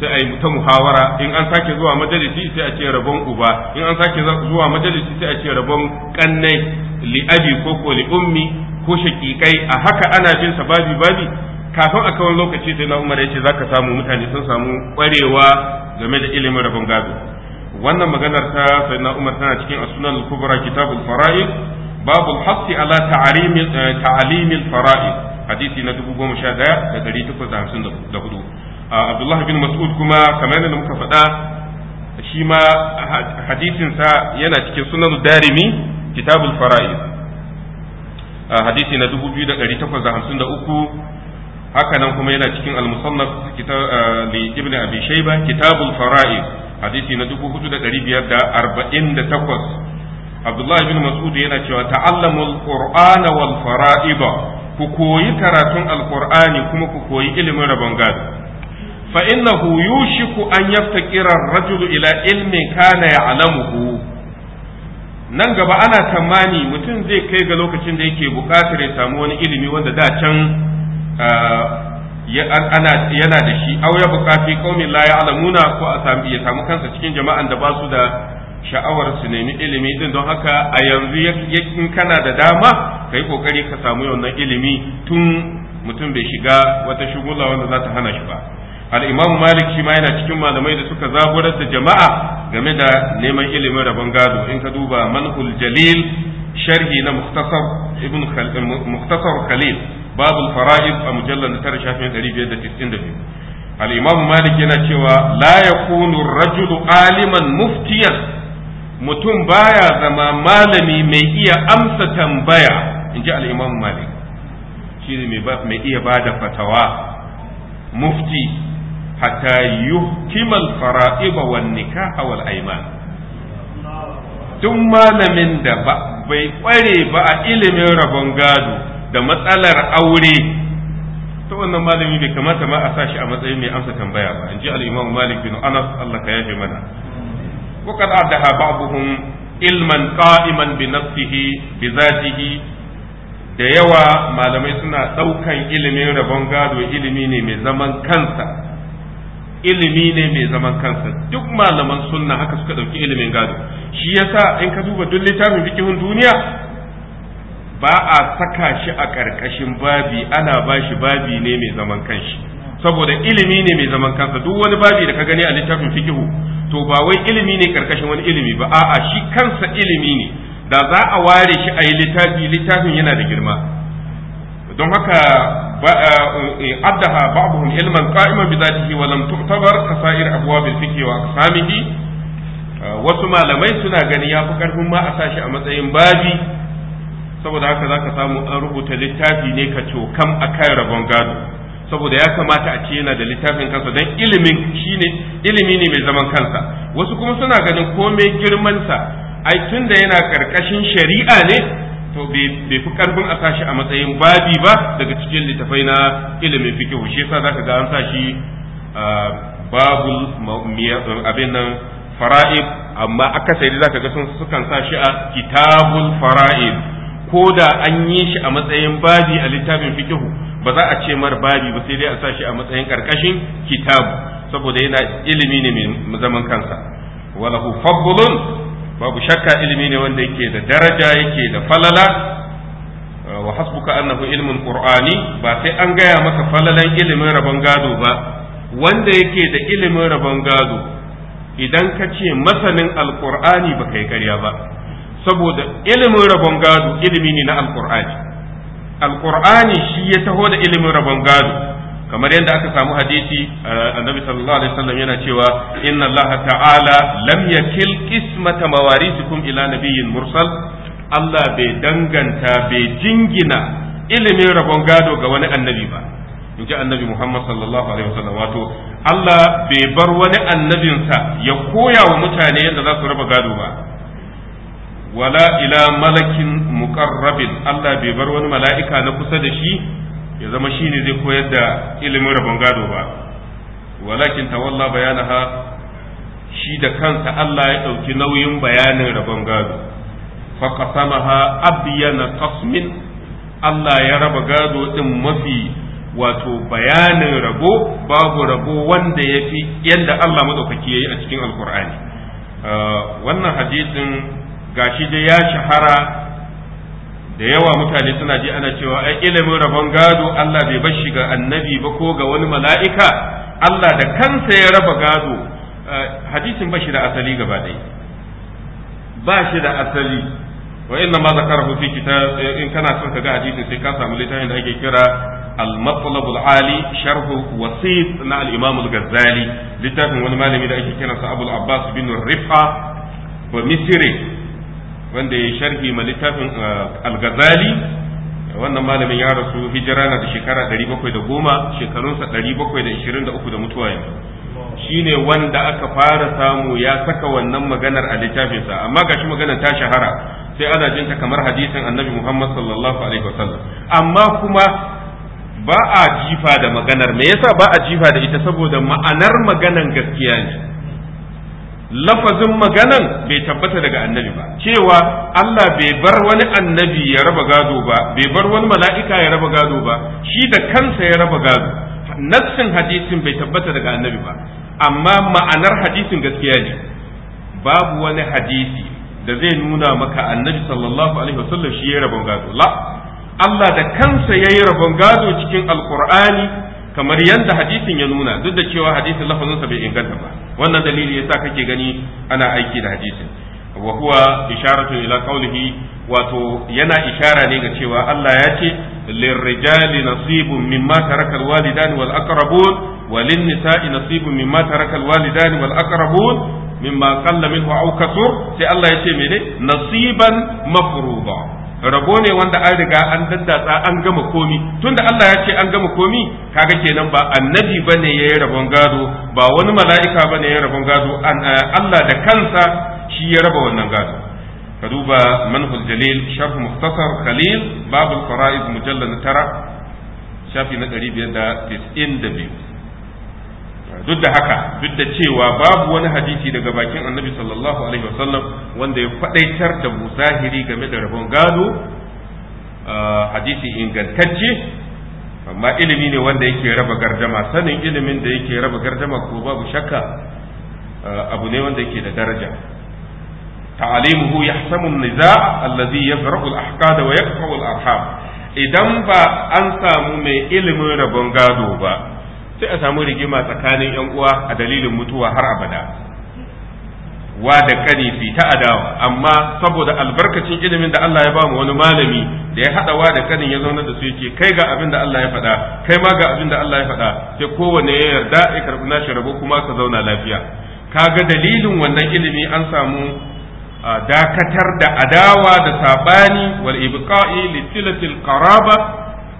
[SPEAKER 2] sai a yi ta muhawara in an sake zuwa majalisi sai a ce rabon uba in an sake zuwa majalisi sai a ce rabon kannai li'abi ko ko li'ummi ko shakikai a haka ana jin sababi babi babi kafin a kawan lokaci sai na umar ya ce za ka samu mutane sun samu kwarewa game da ilimin rabon gado wannan maganar ta sai na umar tana cikin asunan kubra kitabul fara'id babul hasi ala ta'alimin eh, fara'id hadisi na dubu goma sha ɗaya da ɗari takwas da hamsin da hudu abdullahi bin mas'ud kuma kamar yadda muka faɗa shi ma hadisinsa yana cikin sunan darimi kitabul fara'id hadisi na dubu biyu da ɗari takwas da hamsin da uku Hakanan kuma yana cikin al-musannaf eh, li ibn abi shayba kitabul fara'id hadisi na 4548 abdullahi bin mas'ud yana cewa ta'allamul qur'ana wal fara'id ku koyi karatun alqur'ani kuma ku koyi ilimin rabon gado fa innahu yushiku an yaftakira ar-rajulu ila ilmin kana ya'lamuhu nan gaba ana tamani mutum zai kai ga lokacin da yake bukatar ya samu wani ilimi wanda da can yana da shi aw ya bukafi qaumin la ya'lamuna ko a sami ya samu kansa cikin jama'an da ba su da sha'awar su nemi ilimi din don haka a yanzu in kana da dama kai kokari ka samu wannan ilimi tun mutum bai shiga wata shugula wanda za ta hana shi ba al imam malik shi ma yana cikin malamai da suka zaburar da jama'a game da neman ilimin rabon gado in ka duba manhul jalil sharhi na muktasar ibn muktasar khalil babul fara'id a mujallar da tara shafin ɗari biyar da tisin da biyu al'imamu malik yana cewa layakunu rajulu aliman muftiyan mutum baya zama malami mai iya amsa tambaya in ji al'imamu malik shi ne iya bada fatawa mufti hatta yuhkimal fara'iba wan nikaha wal aiman duk malamin da bai kware ba a ilimin rabon gado da matsalar aure to wannan malami bai kamata ma a sa shi a matsayin mai amsa tambaya ba in ji al-imam malik bin anas Allah ka yafe mana Ko kad'a da ha babuhum ilman qa'iman bi nafsihi bi zatihi da yawa malamai suna daukan ilimin rabon gado ilimi ne mai zaman kansa ilimi ne mai zaman kansa duk malaman sunna haka suka dauki ilimin gado shi yasa in ka duba duk littafin fikihun duniya ba a saka shi a ƙarƙashin babi ana ba shi babi ne mai zaman kanshi saboda ilimi ne mai zaman kansa duk wani babi da ka gani a littafin fikihu to ba wai ilimi ne ƙarƙashin wani ilimi ba a'a shi kansa ilimi ne da za a ware shi a yi littafi littafin yana da girma don haka eh, eh, addaha ba'dhum ilman qa'iman bi zatihi wa lam tu'tabar kasair abwab al-fiqh wa aqsamihi eh, wasu malamai suna gani yafi karfin ma a sashi a matsayin babi saboda haka za ka samu an rubuta littafi ne ka cokam a kan rabon gado saboda ya kamata a ce yana da littafin kansa don ilimin ne ilimi ne mai zaman kansa wasu kuma suna ganin komai girmansa ai tun da yana karkashin shari'a ne to bai fi karfin a sashi a matsayin babi ba daga cikin littafai na ilimin fikihu shi yasa zaka ga an sashi babul abin nan fara'id amma akasari zaka ga sun sukan sa shi a kitabul fara'id ko da an yi shi a matsayin babi a littafin fikihu ba za a ce mar babi ba sai dai a sa shi a matsayin karkashin kitabu saboda yana ilimi ne mai zaman kansa walahu fadlun babu shakka ilimi ne wanda yake da daraja yake da falala wa hasbuka annahu ilmun qur'ani ba sai an gaya maka falalan ilimin rabon gado ba wanda yake da ilimin rabon gado idan ka ce masanin alqur'ani ba kai karya ba saboda ilimin rabon gado ilimi ne na alkur'ani alkur'ani shi ya taho da ilimin rabon gado kamar yadda aka samu hadisi eh, annabi sallallahu alaihi wasallam yana cewa inna allaha ta'ala lam yakil qismata mawarisikum ila nabiyyin mursal Allah bai danganta bai jingina ilimin rabon gado ga wani annabi ba in annabi Muhammad sallallahu alaihi wasallam wato Allah bai bar wani annabinsa ya koya wa mutane yadda za su raba gado ba wala ila malakin muƙarrabin Allah bai bar wani mala'ika na kusa da shi ya zama shi ne zai koyar da ilimin rabon gado ba walakin tawalla bayanaha shi da kansa Allah ya ɗauki nauyin bayanin rabon gado faqasamaha abyana tasmin Allah ya raba gado din mafi wato bayanin rabo babu rabo wanda ya fi yadda Allah madaukaki ya yi a cikin alkur'ani uh, wannan hadisin gashi dai ya shahara da yawa mutane suna ji ana cewa ai ilimin rabon gado Allah bai bar shi ga annabi ba ko ga wani mala'ika Allah da kansa ya raba gado eh, hadisin ba shi da asali gaba ɗaya ba shi da asali wa inna ma zakarahu fi kitab eh, in kana son ka ga hadisin sai ka samu littafin da ake kira al-matlab al-ali sharh wasit na al-imam al-ghazali littafin wani malami da ake kiransa abul abbas bin rifa wa misri wanda ya sharhi ma littafin uh, al-ghazali wannan malamin ya rasu hijira na da shekara 710 shekarunsa 723 da mutuwa yanzu shine wanda aka fara samu ya saka wannan maganar a littafinsa amma gashi maganar ta shahara sai ana jin ta kamar hadisin annabi Muhammad sallallahu alaihi wasallam amma kuma ba a jifa da maganar me yasa ba a jifa da ita saboda ma'anar maganar gaskiya ne lafazin maganan bai tabbata daga annabi ba cewa Allah bai bar wani annabi ya raba gado ba bai bar wani mala'ika ya raba gado ba shi da kansa ya raba gado nassin hadisin bai tabbata daga annabi ba amma ma'anar hadisin gaskiya ne babu wani hadisi da zai nuna maka annabi sallallahu alaihi wasallam shi ya raba gado la Allah da kansa ya yi rabon gado cikin alkur'ani kamar yadda hadisin ya nuna duk da cewa hadisin lafazinsa bai inganta ba wannan dalili yasa kake gani ana aiki da hadisin wa huwa isharatu ila qawlihi wato yana ishara ne ga cewa Allah ya ce lirrijali nasibun mimma taraka alwalidani wal aqrabun wa nisa'i nasibun mimma taraka alwalidani wal aqrabun mimma qalla minhu aw kasur sai Allah ya ce mene nasiban mafruḍa rabo ne wanda an riga an daddatsa an gama komi tunda Allah ya ce an gama komi kaga kenan ba annabi bane yayin rabon gado ba wani mala'ika bane yayin rabon gado eh, Allah da kansa shi ya raba wannan gado ka duba manhul jalil sharh mukhtasar khalil babul fara'id mujallad tara shafi na 592 duk da haka duk da cewa babu wani hadisi daga bakin annabi sallallahu alaihi wasallam wanda ya faɗaitar da musahiri game da rabon gado hadisi ingantacce amma ilimi ne wanda yake raba gardama sanin ilimin da yake raba gardama ko babu shakka abu ne wanda yake da daraja ta'alimuhu yahsamu an-niza' allazi yazra'u al-ahqad wa yaqta'u al-arham idan ba an samu mai ilimin rabon gado ba sai a samu rigima tsakanin yan uwa a dalilin mutuwa har abada wa da kani fi ta adawa amma saboda albarkacin ilimin da Allah ya ba mu wani malami da ya hada wa da kanin ya zauna da su yake kai ga abin da Allah ya faɗa kai ma ga abin da Allah ya faɗa sai kowanne ya yarda ya karbi nashi rabo kuma ka zauna lafiya kaga dalilin wannan ilimi an samu dakatar da adawa da sabani wal ibqa'i li qaraba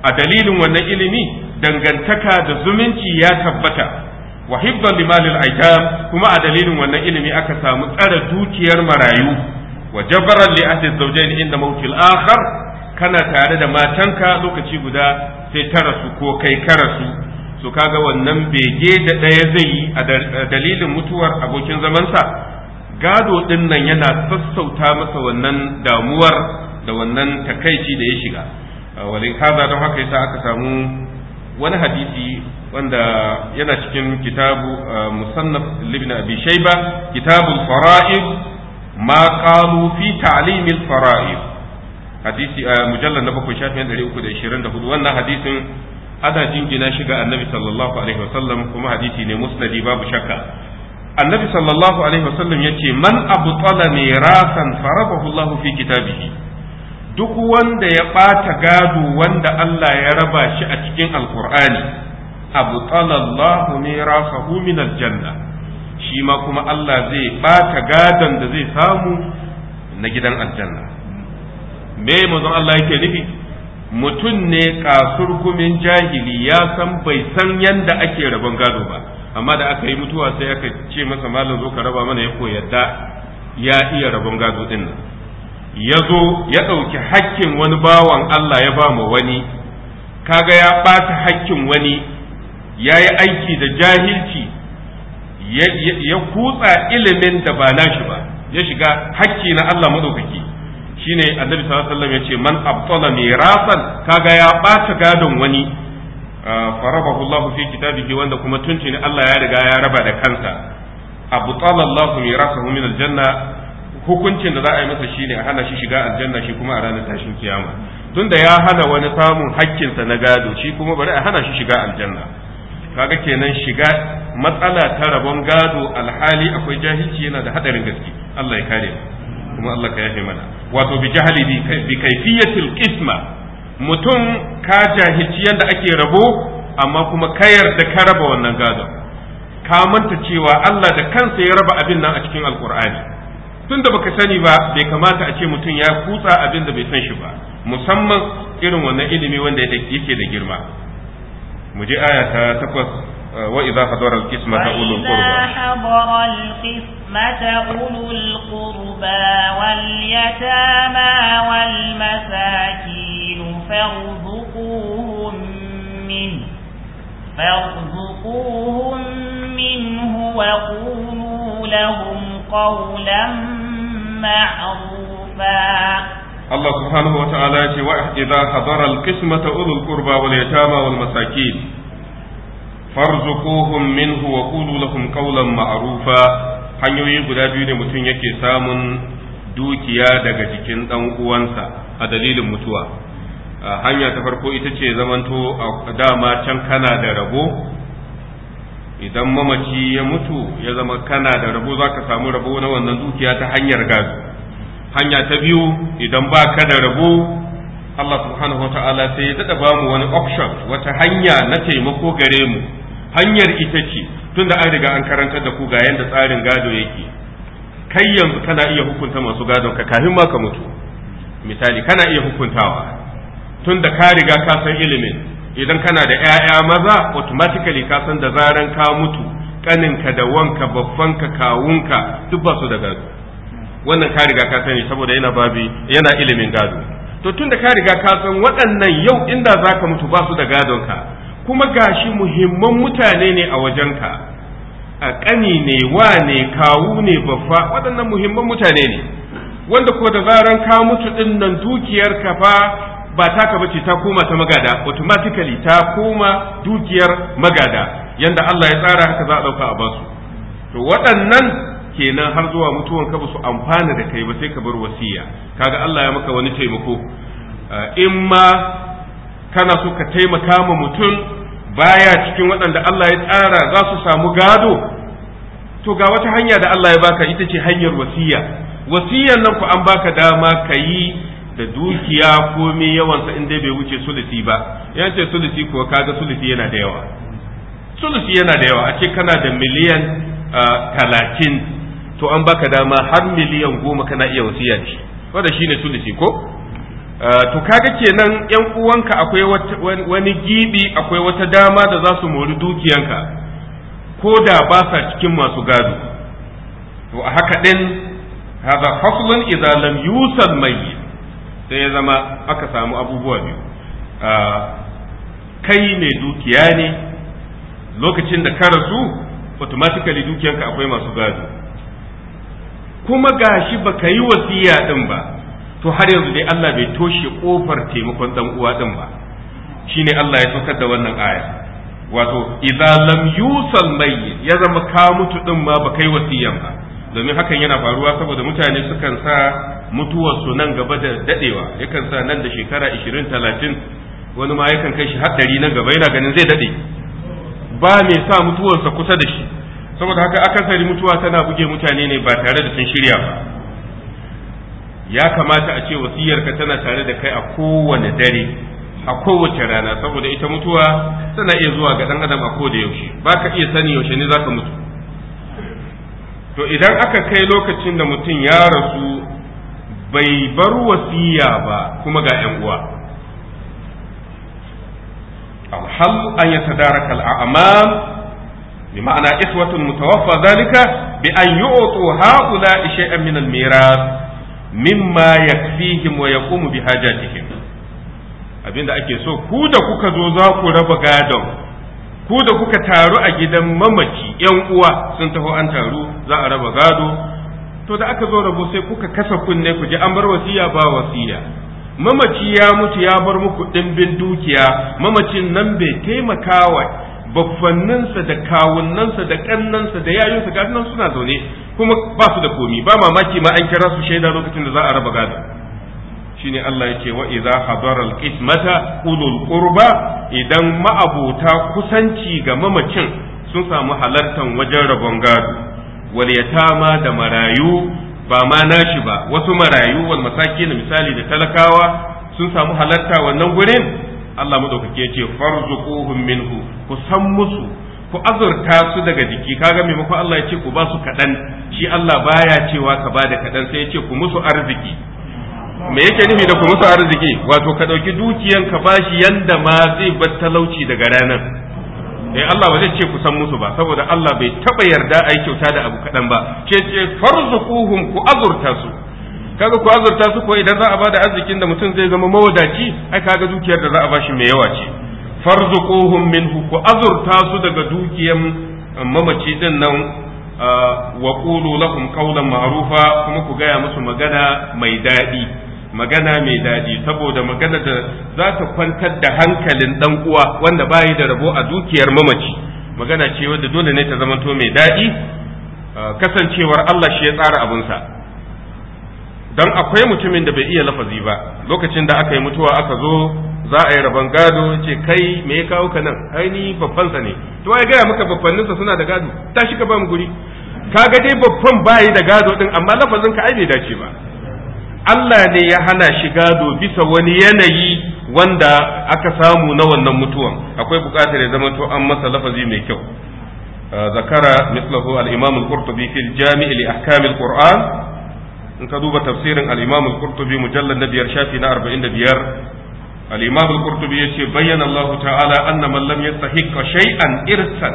[SPEAKER 2] a dalilin wannan ilimi dangantaka da zumunci ya tabbata wa hibban limalil aitam kuma a dalilin wannan ilimi aka samu tsara dukiyar marayu wa jabaran li ahli zawjain inda mawtil akhar kana tare da matanka lokaci guda sai ta rasu ko kai ka rasu su kaga wannan bege da ɗaya zai yi a dalilin mutuwar abokin zamansa gado ɗin nan yana sassauta masa wannan damuwar da wannan takaici da ya shiga walin kaza don haka yasa aka samu wani hadisi wanda yana cikin kitabu eh, musannaf libna abi shayba kitabul fara'id ma qalu fi ta'limil fara'id hadisi eh, mujallal na bakwai shafin 324 wannan hadisin ana jingina shi ga annabi sallallahu alaihi wasallam kuma hadisi ne musnadi babu shakka annabi sallallahu alaihi wasallam yace man abtala mirasan farabahu Allah fi kitabihi duk wanda ya ɓata gado wanda Allah ya raba shi a cikin alkur'ani abu talallahu rafahu min aljanna shi ma kuma Allah zai ɓata gadon da zai samu na gidan aljanna me manzon Allah yake nufi mutum ne kasurgumin jahili ya san bai san yanda ake rabon gado ba amma da aka yi mutuwa sai aka ce masa malam zo ka raba mana ya koyar da ya iya rabon gado din ya zo ya ɗauki hakkin wani bawan Allah ya ba mu wani kaga ya ɓata hakkin wani ya yi aiki da jahilci ya kutsa ilimin da ba nashi ba ya shiga hakki na Allah maɗaukaki shine annabi sallallahu alaihi wasallam man abtala mirasan kaga ya ɓata gadon wani farabahu Allah fi kitabihi wanda kuma tuntuni Allah ya riga ya raba da kansa abtala Allah min aljanna hukuncin da za a yi masa shine a hana shi shiga aljanna shi kuma a ranar tashin kiyama tunda ya hana wani samun hakkinsa na gado shi kuma bari a hana shi shiga aljanna kaga kenan shiga matsala ta rabon gado alhali akwai jahilci yana da hadarin gaske Allah ya kare kuma Allah ka yafe mana wato bi jahali bi kaifiyatil qisma mutum ka jahilci yanda ake rabo amma kuma ka yarda ka raba wannan gado ka manta cewa Allah da kansa ya raba abin nan a cikin alqur'ani tun da baka sani ba bai kamata a ce mutum ya kutsa abin da bai san shi ba musamman irin wannan ilimi wanda yake da girma mu je aya ta takwas eh, wa idza hadara al qisma ta ulul
[SPEAKER 1] qurba wa idza hadara al ta ulul qurba wal yatama wal masakin farzuquhum min farzuquhum minhu wa qulu lahum قولا معروفا
[SPEAKER 2] الله سبحانه وتعالى إذا حضر القسمة أولو القربى واليتامى والمساكين فارزقوهم منه وقولوا لهم قولا معروفا hanyoyi guda biyu ne mutum yake samun dukiya daga jikin ɗan uwansa a dalilin mutuwa hanya ta farko ita ce zamanto a dama can kana da rabo idan mamaci ya mutu ya zama kana da rabo za ka samu rabo na wannan dukiya ta hanyar gado hanya ta biyu idan ba ka da rabo Allah subhanahu wa ta'ala sai ya daɗa bamu wani option wata hanya na taimako gare mu hanyar ita ce tun da an riga an karantar da ku ga yadda tsarin gado yake kai yanzu kana iya hukunta masu gadon ka kafin ma ka mutu misali kana iya hukuntawa tun da ka riga ka san ilimin idan kana da 'ya'ya maza automatically ka san da zaran ka mutu kaninka da wanka babbanka kawunka duk ba su da gado wannan ka riga ka sani saboda yana babi yana ilimin gado to tunda ka riga ka san waɗannan yau inda zaka mutu ba su da gadonka kuma gashi muhimman mutane ne a wajenka a ƙani ne wa ne kawu ne baffa waɗannan muhimman mutane ne wanda ko da zaran ka mutu ɗin nan dukiyarka fa ba taka bace ta koma ta magada automatically ta koma dukiyar magada yanda Allah ya tsara haka za a dauka a basu to waɗannan kenan har zuwa mutuwan ka basu amfana da kai ba sai ka bar wasiya kaga Allah ya maka wani taimako eh, in ma kana so ka taimaka ma mutum baya cikin waɗanda Allah ya tsara za su samu gado to ga wata hanya da Allah ya baka ita ce hanyar wasiya wasiyan nan ku an baka dama ka yi da dukiya ko me yawansa in dai bai wuce sulusi ba yan ce sulusi ko kaga sulusi yana da yawa sulusi yana da yawa a ce kana da miliyan talatin to an baka dama har miliyan goma kana iya wasiya da shi wanda shine sulusi ko to kaga kenan yan uwanka akwai wani gibi akwai wata dama da za su mori dukiyanka ko da ba sa cikin masu gado to a haka din haza faslun idza lam yusal mayyit sai ya zama aka samu abubuwa biyu kai mai dukiya ne lokacin da ka rasu automatically dukiyanka akwai masu gado kuma ga gashi baka yi wasiya din ba to har yanzu dai Allah bai toshe kofar taimakon dan uwa din ba shine Allah ya saukar da wannan aya wato idza lam yusal mayyit ya zama ka mutu din ma baka yi wasiyan ba domin hakan yana faruwa saboda mutane sukan sa mutuwar su nan gaba da dadewa yakan sa nan da shekara 20 30 wani ma yakan kai shi haddari nan gaba yana ganin zai dade ba mai sa mutuwarsa kusa da shi saboda haka akasari mutuwa tana buge mutane ne ba tare da sun shirya ba ya kamata a ce wasiyarka tana tare da kai a kowane dare a kowace rana saboda ita mutuwa tana iya zuwa ga dan adam a ko da yaushe ba ka iya sani yaushe ne ka mutu to idan aka kai lokacin da mutum ya rasu bai bar wasiya ba kuma ga ‘yan uwa. alhal an ya tadaraka al'amam bi ma'ana iswatun mutawaffa zalika bi an yi oto ha'ula shay'an min al-miras mimma yakfihim wa yaqumu bi hajatihim abinda ake so ku da kuka zo za ku raba gadon ku da kuka taru a gidan mamaci ‘yan uwa sun taho an taru za a raba gado to da aka zo rabo sai kuka kasa kunne ku ji an bar wasiya ba wasiya mamaci ya mutu ya bar muku dimbin dukiya mamacin nan bai taimaka wa baffanninsa da kawunnansa da kannansa da yayinsa ga nan suna zaune kuma ba su da komi ba mamaki ma an kira su shaida lokacin da za a raba gado shine Allah ya ce wa idza hadara al-qismata qurba idan ma'abota kusanci ga mamacin sun samu halartan wajen rabon gado wal yatama da marayu ba ma nashi ba wasu marayu wal na misali da talakawa sun samu halarta wannan gurin Allah madaukake yace farzuquhum minhu ku san musu ku azurta su daga jiki kaga maimakon Allah ya ce ku ba su kadan shi Allah baya cewa ka ba da kadan sai ya ce ku musu arziki me yake nufi da ku musu arziki wato ka dauki dukiyan ka shi yanda ma zai bar talauci daga ranar eh Allah ba zai ce ku san musu ba saboda Allah bai taba yarda a yi kyauta da abu kaɗan ba ce ce kuhun ku azurta su kaga ku azurta su ko idan za a bada arzikin da mutum zai zama mawadaci ai kaga dukiyar da za a bashi mai yawa ce kuhun minhu ku azurta su daga dukiyar mamaci din nan ah, wa qulu lahum qawlan ma'rufa kuma ku gaya musu magana mai daɗi magana mai daɗi saboda magana da za ta kwantar da hankalin ɗan uwa wanda bayi da rabo a dukiyar mamaci magana ce wadda dole ne ta zamanto mai daɗi kasancewar Allah shi ya tsara abunsa. don akwai mutumin da bai iya lafazi ba lokacin da aka yi mutuwa aka zo za a yi rabon gado ce kai me ya kawo ka nan babban sa ne to ai gaya maka sa suna da gado ta ka ba mu guri ka dai babban bayi da gado din amma lafazin ka ai bai dace ba Allah ne ya hana shi gado bisa wani yanayi wanda aka samu na wannan mutuwan akwai bukatar ya zama to an masa lafazi mai kyau uh, zakara mislahu al-imam al-qurtubi fil jami' li ahkam al-qur'an in ka duba tafsirin al-imam al-qurtubi mujallad na biyar shafi na 45 al-imam al-qurtubi yace bayyana Allah ta'ala anna man lam yastahiqqa shay'an irsan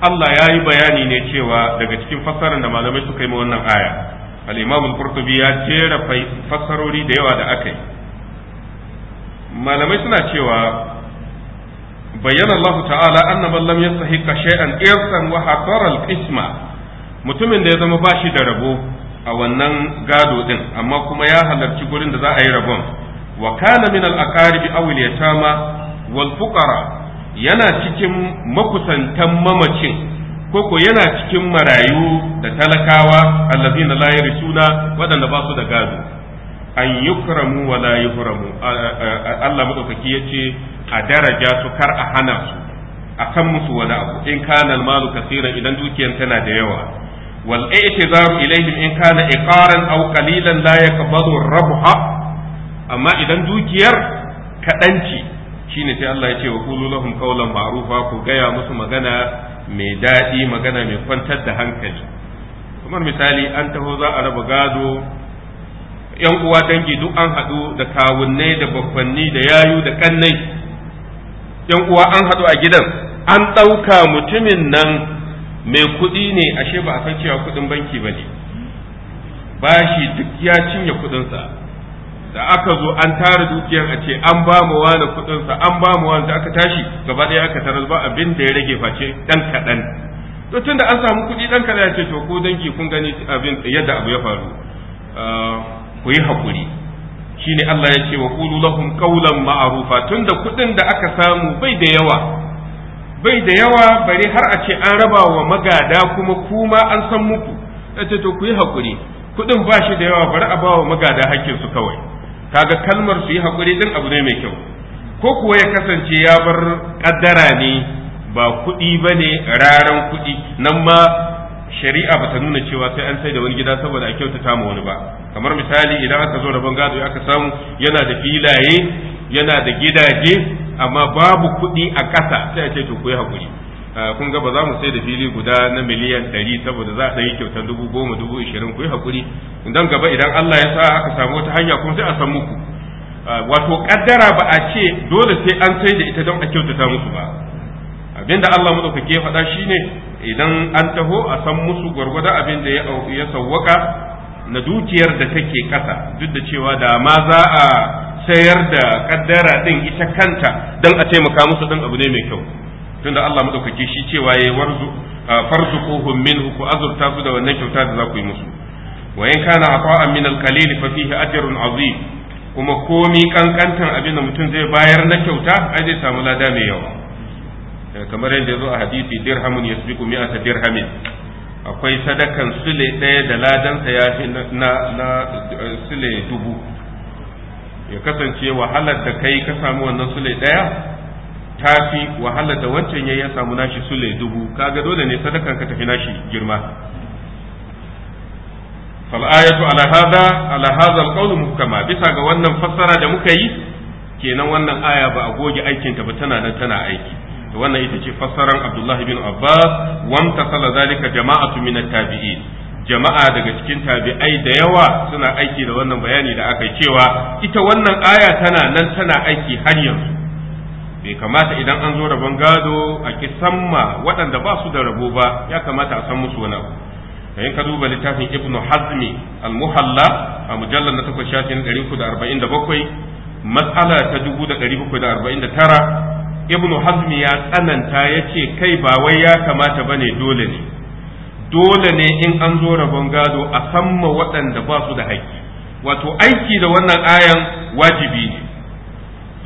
[SPEAKER 2] Allah ya yi bayani ne cewa daga cikin fassarar da malamai suka yi wannan aya al-imam al ya jera fassarori da yawa da aka yi malamai suna cewa bayyana Allah ta'ala anna man lam yastahiqa shay'an irsan wa hatoral al mutumin da ya zama ba shi da rabo a wannan gado din amma kuma ya halarci gurin da za a yi rabon wa kana min al aqarib aw al-yatama wal fuqara yana cikin makusantan mamacin koko yana cikin marayu da talakawa allazina la suna waɗanda ba su da gado an yukramu wa la yukramu Allah ya yace a daraja su kar a hana su akan musu wani abu in kana malu kaseeran idan dukiyan tana da yawa wal i'tizaru ilaihim in kana iqaran aw qalilan la yakbadu rabha amma idan dukiyar Shi shine sai Allah ya ce wa qulu lahum qawlan ma'rufa ku gaya musu magana mai daɗi magana mai kwantar da hankali kamar misali an taho za a raba gado yan uwa dangi duk an haɗu da kawunnai da bakwanni da yayu da kannai yan uwa an haɗu a gidan an ɗauka mutumin nan mai kuɗi ne ashe ba a san cewa kuɗin banki ba ne bashi duk ya cinye kuɗinsa da aka zo an tara dukiyar a ce an ba mu wani kuɗin an ba mu wani da aka tashi gaba ɗaya aka tarar ba abin da ya rage face dan kaɗan to tun da an samu kuɗi dan kaɗan ya ce to ko dangi kun gani abin yadda abu ya faru ah, ku yi hakuri shine Allah ya ce wa qulu lahum qawlan ma'rufa tunda kuɗin da aka samu bai da yawa bai da yawa bare har a ce an raba wa magada kuma kuma an san muku Ya ce to ku yi hakuri kuɗin ba shi da yawa bari a ba wa magada hakkin su kawai kaga kalmar su yi hakuri ɗin abu ne mai kyau ko kuwa ya kasance ya bar ƙaddara ne ba kuɗi ba ne raran kuɗi nan ma shari'a ba ta nuna cewa sai an sai da wani gida saboda a kyautata ma wani ba kamar misali idan aka zo rabon gado aka samu yana da filaye yana da gidaje amma babu kuɗi a ƙasa sai a ce to ku yi hakuri Ah, kun ga ba za mu sai da fili guda na miliyan ɗari saboda za a yi kyautar dubu goma dubu ishirin ku yi haƙuri don gaba idan Allah ya sa aka samu wata hanya kuma sai a san muku ah, wato ƙaddara ba a ce dole sai an sai da ita don a kyautata musu ba abinda Allah ke faɗa shi ne idan an taho a san musu gwargwada abin da ya sauwaka na dukiyar da take ƙasa duk da cewa da ma za a sayar da ƙaddara ɗin ita kanta don a taimaka musu ɗin abu ne mai kyau tunda Allah madaukake shi cewa ya warzu ah, farzuquhum minhu ku azurta su da wannan kyauta da za ku yi musu wa in kana ata'an min al-qalil fa fihi ajrun azim kuma komi kankantan abin da mutum zai bayar na kyauta ai zai samu lada mai yawa eh, kamar yadda ya zo a hadisi dirhamun yasbiqu mi'ata dirhamin akwai sadakan sule daya da ladansa ya fi na eh, sule dubu ya kasance wahalar da kai ka samu wannan sule daya. tafi wahala da wancan yayi ya samu nashi sule dubu kaga dole ne sadakar ka tafi nashi girma fal ayatu ala hada ala hada alqawl muhkama bisa ga wannan fassara da muka yi kenan wannan aya ba a goge aikin ta ba tana nan tana aiki wannan ita ce fassaran Abdullah bin Abbas sala, zalika jama'atu min at-tabi'in jama'a daga cikin tabi'ai da yawa suna aiki da wannan bayani da aka cewa ita wannan aya tana nan tana aiki har yanzu bai kamata idan an zo rabon gado a samma waɗanda ba su da rabo ba ya kamata a san musu wani abu kayan ka duba littafin ibnu hazmi al-muhalla a mujallar na takwas shafin bakwai matsala ta dubu da da da ɗari arba'in tara ibnu hazmi ya tsananta ya ce kai ba wai ya kamata ba ne dole ne dole ne in an zo rabon gado a samma waɗanda ba su da haƙƙi wato aiki da wannan ayan wajibi ne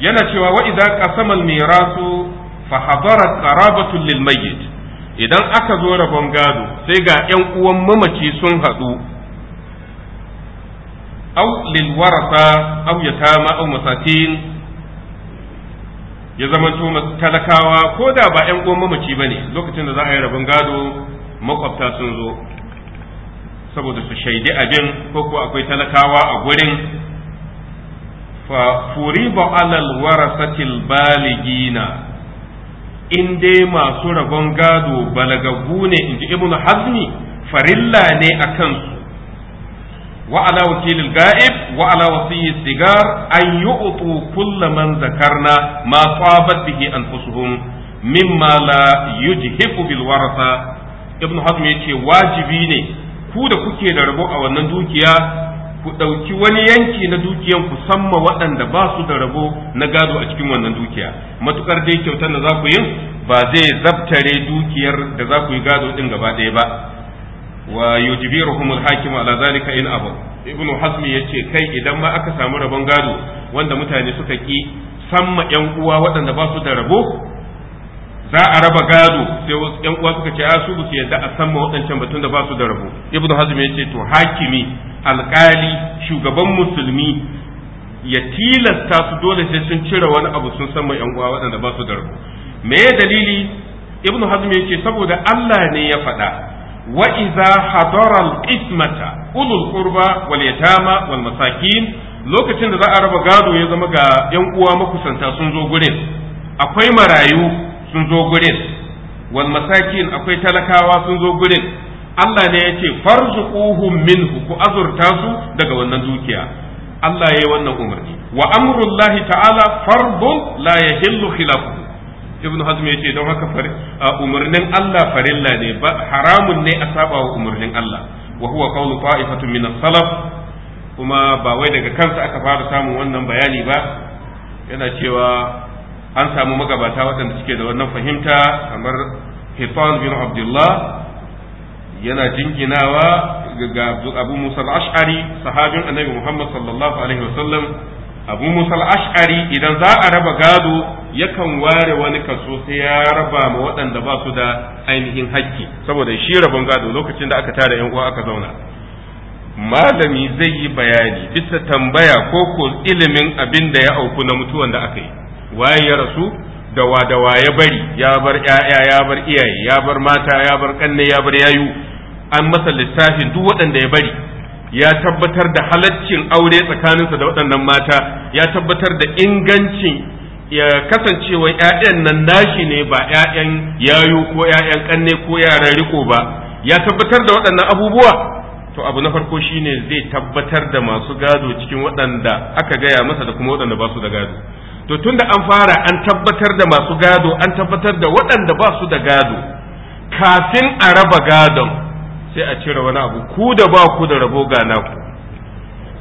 [SPEAKER 2] yana cewa wa'iza idza qasama al-mirasu fa hadarat qarabatu lil mayyit idan aka zo rabon gado sai ga 'yan uwan mamaci sun haɗu aw lil warasa aw yatama aw masakin ya to talakawa ko da ba 'yan uwan mamaci bane lokacin da za a yi rabon gado makwabta sun zo saboda su shaidi abin ko ko akwai talakawa a gurin fa furiba alal warasatil baligina in dai masu rabon gado balagagu ne inji ibnu hazmi farilla ne a kansu wa ala wakilil ga'ib wa ala wasiyyi sigar an yu'tu kull man zakarna ma tabat bihi anfusuhum mimma la yujhifu bil warasa ibnu hazm yace wajibi ne ku da kuke da rabo a wannan dukiya ku ɗauki wani yanki na dukiyan ku samma waɗanda ba su da rabo na gado a cikin wannan dukiya matukar dai kyautar da za ku yi ba zai zabtare dukiyar da za ku yi gado ɗin gaba ɗaya ba
[SPEAKER 1] wa yujbiruhum al-hakim ala zalika in abu
[SPEAKER 2] ibnu hazmi yace kai idan ma aka samu rabon gado wanda mutane suka ki samma yan uwa waɗanda ba su da rabo za a raba gado sai wasu yan uwa suka ce a su yadda a san ma waɗancan batun da ba su da rabo ibnu hazm ya ce to hakimi alkali shugaban musulmi ya tilasta su dole sai sun cire wani abu sun san ma yan uwa waɗanda ba su da rabo me dalili ibnu hazm ya ce saboda Allah ne ya faɗa wa idza hadara al-qismata ulul qurba wal yatama wal masakin lokacin da za a raba gado ya zama ga yan uwa makusanta sun zo gurin akwai marayu sun zo gurin wal masakin akwai talakawa sun zo gurin Allah ne ya ce farzuquhum minhu ku azurta su daga wannan dukiya Allah ya yi wannan umarni wa amrullahi ta'ala fardun la yahillu khilafu ibn hazm ya ce don haka umarnin Allah farilla ne ba haramun ne a saba wa umarnin Allah wa huwa qawlu ta'ifatun min as-salaf kuma ba wai daga kansa aka fara samun wannan bayani ba yana cewa an samu magabata waɗanda suke da wannan fahimta kamar hifan bin abdullah yana jinginawa ga abu musa al-ash'ari sahabin annabi muhammad sallallahu alaihi wasallam abu musa al-ash'ari idan za a raba gado yakan ware wani kaso sai ya raba ma waɗanda ba su da ainihin hakki saboda shi rabon gado lokacin da aka tara yan uwa aka zauna malami zai yi bayani bisa tambaya ko ko ilimin abin da ya auku na mutuwan da aka yi waye ya rasu da wa ya bari ya bar 'ya'ya ya bar iyaye ya bar mata ya bar kanne ya bar yayu an masa lissafin duk waɗanda ya bari ya tabbatar da halaccin aure tsakaninsa da waɗannan mata ya tabbatar da ingancin ya kasancewa ‘ya'yan nan nashi ne ba ‘ya'yan yayu ko ‘ya'yan ƙanne ko yaran riko ba ya tabbatar da waɗannan abubuwa to abu na farko shine zai tabbatar da masu gado cikin waɗanda aka gaya masa da kuma waɗanda ba su da gado to tunda an fara an tabbatar da masu gado an tabbatar da waɗanda ba su da gado kafin a raba gadon sai a cire wani abu ku da ba ku da rabo ga naku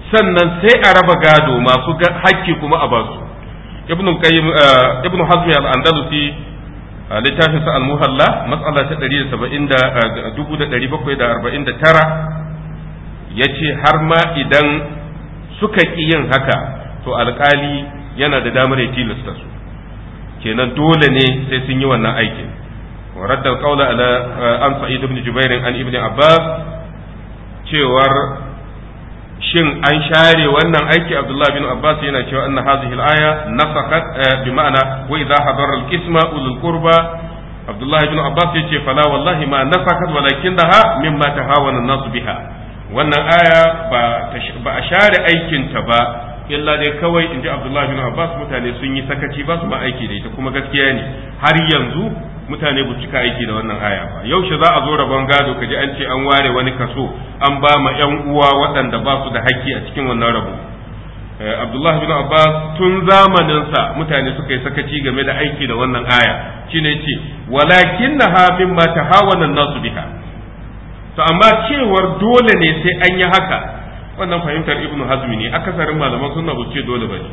[SPEAKER 2] sannan sai a raba gado masu hakki kuma a ba su ibnu qayyim eh, ibnu hazmi al-andalusi eh, littafin sa al-muhalla mas'ala ta 1749 eh, yace har ma idan suka ki yin haka to alkali yana da damar ya tilasta su kenan dole ne sai sun yi wannan aikin wa kaula qawla ala eh, an sa'id ibn jubair an ibn abbas cewar shin an share wannan aiki abdullahi bin abbas yana cewa anna hadhihi al-aya nasakhat eh, bi ma'ana wa idha hadara al-qisma ulul qurba abdullahi bin abbas yace fala wallahi ma nasakhat walakinnaha mimma tahawana an-nas biha wannan aya ba a share aikin ta ba illa dai kawai in ji abdullahi bin abbas mutane sun yi sakaci ba su ma aiki da ita kuma gaskiya ne har yanzu mutane ba cika aiki da wannan aya ba yaushe za a zo rabon gado kaji an ce an ware wani kaso an ba ma yan uwa waɗanda ba su da haƙƙi a cikin wannan rabo eh, abdullahi bin abbas tun zamaninsa mutane suka yi sakaci game da aiki da wannan aya shine ce walakin na ha mimma tahawana nasu biha to amma cewar dole ne sai an yi haka wannan fahimtar ibnu hazmi ne akasarin malaman sunna ba ce dole bane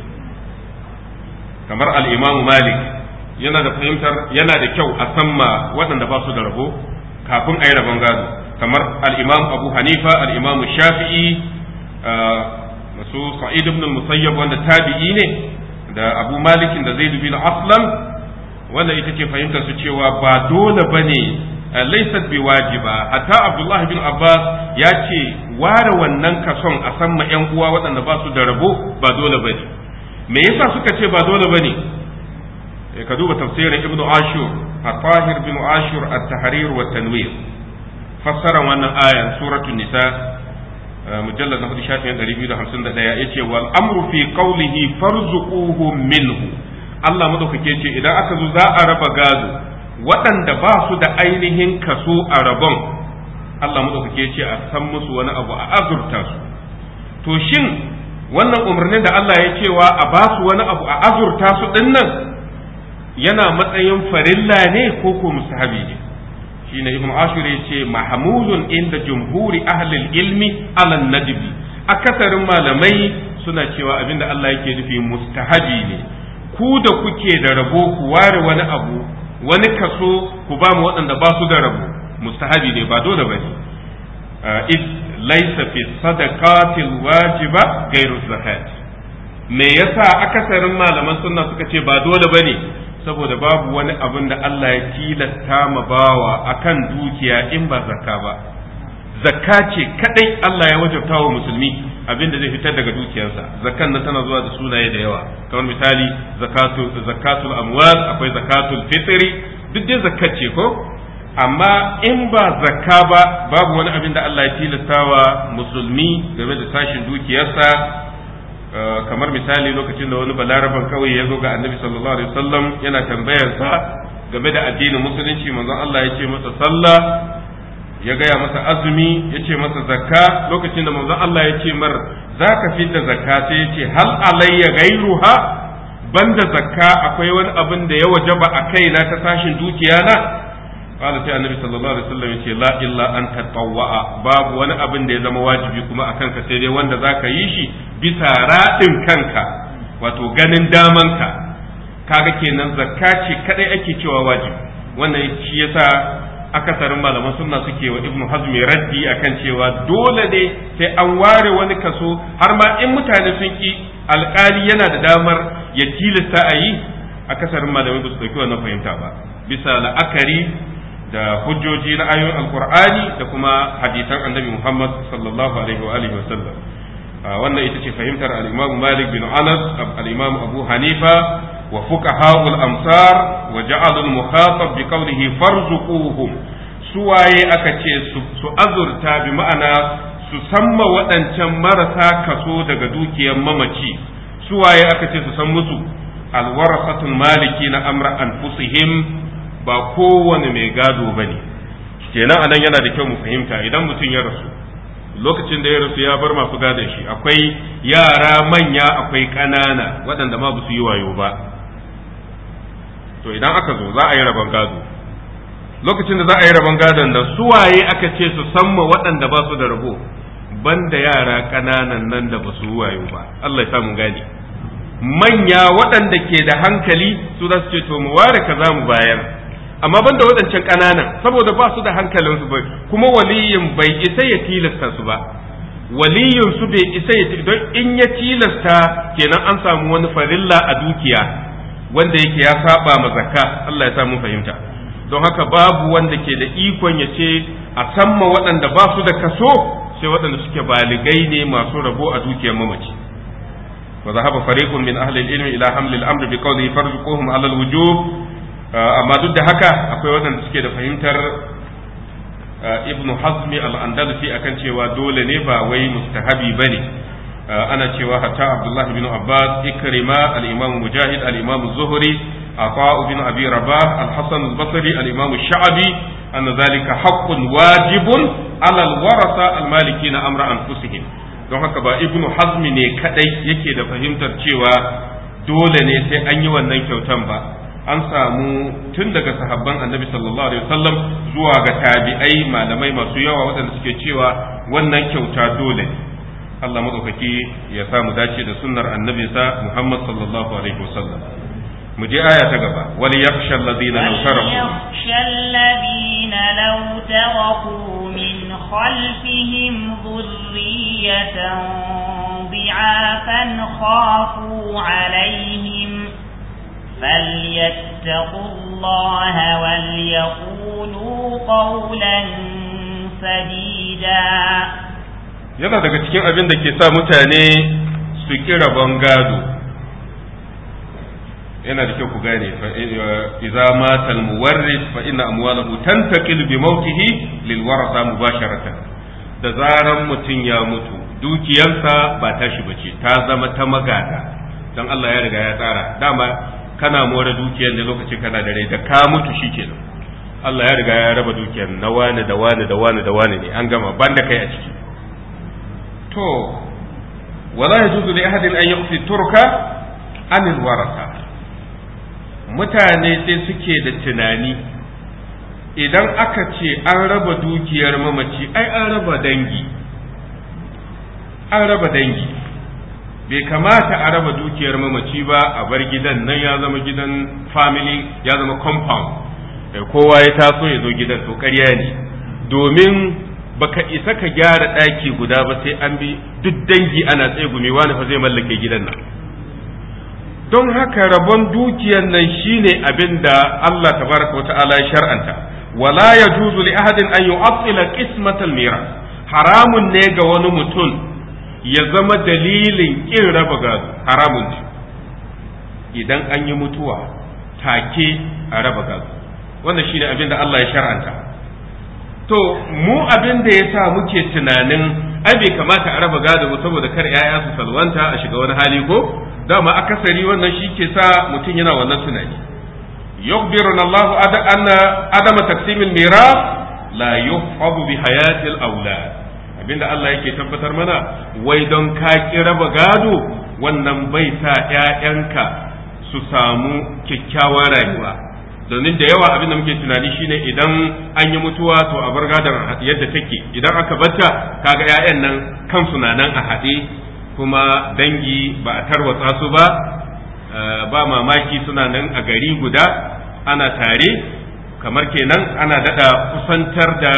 [SPEAKER 2] kamar al-imamu malik yana da fahimtar yana da kyau a samma waɗanda ba su da rabo kafin a yi rabon gado kamar al-imam abu hanifa al-imam shafi'i masu ah, sa'id ibn musayyab wanda tabi'i ne da abu malikin da zaid bin aslam wanda ita ce fahimtar su cewa ba dole bane Eh, laysat wajiba hatta abdullah bin abbas ya ce ware wannan kason a san ma yan uwa waɗanda ba su da rabo ba dole bane me yasa suka ce ba dole bane eh, ka duba tafsirin ibnu ashur at-tahir bin ashur at-tahrir wa tanwir fassara wannan ayan suratul nisa eh, mujallad na hadisi shafin ɗari wal amru fi qawlihi farzuquhum minhu Allah madaukake ce idan aka zo za a raba gado waɗanda ba su da ainihin kaso a rabon Allah maɗaukake ce a san musu wani abu a azurta su to shin wannan umarnin da Allah ya cewa a ba su wani abu a azurta su ɗin yana matsayin farilla ne ko ko musahabi ne shi ne ibn ashir ya ce mahamudun inda jumhuri ahlil ilmi alan najbi akasarin malamai suna cewa abinda Allah yake nufi mustahabi ne ku da kuke da rabo ku ware wani abu wani kaso ku ba mu waɗanda ba su da rabo mustahabi ne ba dole ba ne uh, it laisa fi sadaqatil wajiba gairu zakat me yasa akasarin malaman sunna suka ce ba dole bane saboda babu wani abin da Allah ya tilasta ma bawa akan dukiya in ba zakka ba zakka ce kadai Allah ya wajabta wa musulmi abin da zai fitar daga dukiyarsa zakan na tana zuwa da sunaye da yawa kamar misali zakatul zakatul amwal akwai zakatul fitri duk dai zakat ce ko amma in ba zakka ba babu wani abin da Allah ya tilastawa musulmi game da sashin dukiyarsa uh, kamar misali lokacin da wani balaraban kawai ya zo ga annabi sallallahu alaihi wasallam yana tambayarsa game da addinin musulunci manzon Allah ya ce masa sallah ya gaya masa azumi ya ce masa zakka lokacin da manzon Allah ya ce mar za ka fi da zakka sai ya ce hal alayya gairuha banda zakka akwai wani abin da ya wajaba a kaina ta sashin dukiya na qala ta annabi sallallahu alaihi wasallam ya ce la illa an tatawwa babu wani abin da ya zama wajibi kuma akan ka sai dai wanda zaka yi shi bisa radin kanka wato ganin daman ka kaga kenan zakka ce kadai ake cewa wajibi wannan shi yasa akasarin malaman sunna suke wa ibnu hazmi raddi akan cewa dole ne sai an ware wani kaso har ma in mutane sun ki alkali yana da damar ya tilasta a yi akasarin malamai ba su dauki wannan fahimta ba bisa la'akari da hujjoji na ayoyin alkur'ani da kuma hadisan annabi muhammad sallallahu alaihi wa alihi wasallam wannan ita ce fahimtar al-imam malik bin anas al-imam abu hanifa wa fuqaha'ul amsar wa ja'alul mukhatab bi qawlihi farzuquhum suwaye aka ce su azurta bi ma'ana su samma waɗancan marasa kaso daga dukiyar mamaci suwaye aka ce su san musu alwarasatul maliki na amra anfusihim ba kowane mai gado bane kenan nan yana da kyau mu fahimta idan mutum ya rasu lokacin da ya rasu ya bar masu gadon shi akwai yara manya akwai ƙanana waɗanda ma ba yi wayo ba to idan aka zo za a yi rabon gado lokacin da za a yi rabon gadon da waye aka ce su ma waɗanda ba su da rabo banda yara ƙananan nan da ba su wayo ba Allah ya samu gani manya waɗanda ke da hankali su za su ce to mu ware ka za mu bayar amma ban da waɗancan ƙananan saboda ba su da su ba kuma waliyin bai isa ya tilasta su ba waliyin su bai isa ya don in ya tilasta kenan an samu wani farilla a dukiya wanda yake ya saba ma zakka Allah ya sa mun fahimta don haka babu wanda ke da ikon ya ce a samma waɗanda ba su da kaso sai waɗanda suke baligai ne masu rabo a dukiyar mamaci wa zahaba fariqun min ahli al-ilmi ila hamli al-amr bi qawli farzuquhum ala al-wujub uh, amma duk da haka akwai waɗanda suke da fahimtar uh, ibnu hazmi al-andalusi akan cewa dole ne ba wai mustahabi bane ana cewa hatta abdullahi bin abbas ikrima al-imam mujahid al-imam zuhri عطاء بن أبي رباح الحسن البصري الإمام الشعبي أن ذلك حق واجب على الورثة المالكين أمر أنفسهم don haka ba ibnu hazmi ne kadai yake da fahimtar cewa dole ne sai an yi wannan kyautan ba an samu tun daga sahabban annabi sallallahu alaihi wasallam zuwa ga tabi'ai malamai masu yawa waɗanda suke cewa wannan kyauta dole ne Allah madaukaki ya sa mu dace da sunnar annabinsa Muhammad sallallahu alaihi wasallam mu je aya ta gaba wal yakhsha alladhina law taraku
[SPEAKER 1] yakhsha alladhina law taraku min khalfihim dhurriyatan bi'afan khafu alaihim فليتقوا الله وليقولوا قولا سديدا
[SPEAKER 2] yana daga cikin abin da ke sa mutane su kira bangado yana da kyau ku gane eh, idza mata al-muwarris fa inna amwalahu tantaqil bi mawtihi lil warasa mubasharatan da zaran mutum ya mutu dukiyarsa ba ta tashi bace ta zama ta magada dan Allah ya riga ya tsara dama kana more dukiyar ne lokacin kana da rai da ka mutu shikenan Allah ya riga ya raba dukiyar na wani da wani da wani da wani ne an gama banda kai a ciki to wala yajuzu li ahadin an yufi turka anil warasa mutane sai suke da tunani idan aka ce an raba dukiyar mamaci ai an raba dangi an raba dangi bai kamata a raba dukiyar mamaci ba a bar gidan nan ya zama gidan family ya zama compound kowa ya taso ya zo gidan to ƙarya ne domin baka isa ka gyara ɗaki guda ba sai an bi duk dangi ana tsegumi wani fa zai mallake gidan nan don haka rabon dukiyar nan shine abin da Allah tabaraka wata'ala ya shar'anta wala yajuzu li ahadin an yu'attila qismatal miras haramun ne ga wani mutum ya zama dalilin kin raba gado haramun idan an yi mutuwa take a raba Gazu. wannan shine abin da Allah ya shar'anta to mu abin da ya sa muke tunanin ai bai kamata a raba gado mu saboda kar yaya su salwanta a shiga wani hali ko dama akasari wannan shi ke sa mutum yana wannan tunani yukhbiruna Allah anna adama taqsimil miras la yuhfazu bi hayatil awlad abinda Allah yake tabbatar mana wai don ka raba gado wannan bai sa ƴaƴanka su samu kyakkyawar rayuwa domin da yawa abin da muke tunani shine idan an yi mutuwa to a bar gadar yadda take idan aka ta kaga 'ya'yan nan kansu na nan a haɗe kuma dangi ba a tarwatsa su ba eh, ba mamaki suna nan a gari guda ana tare kamar kenan ana daɗa kusantar da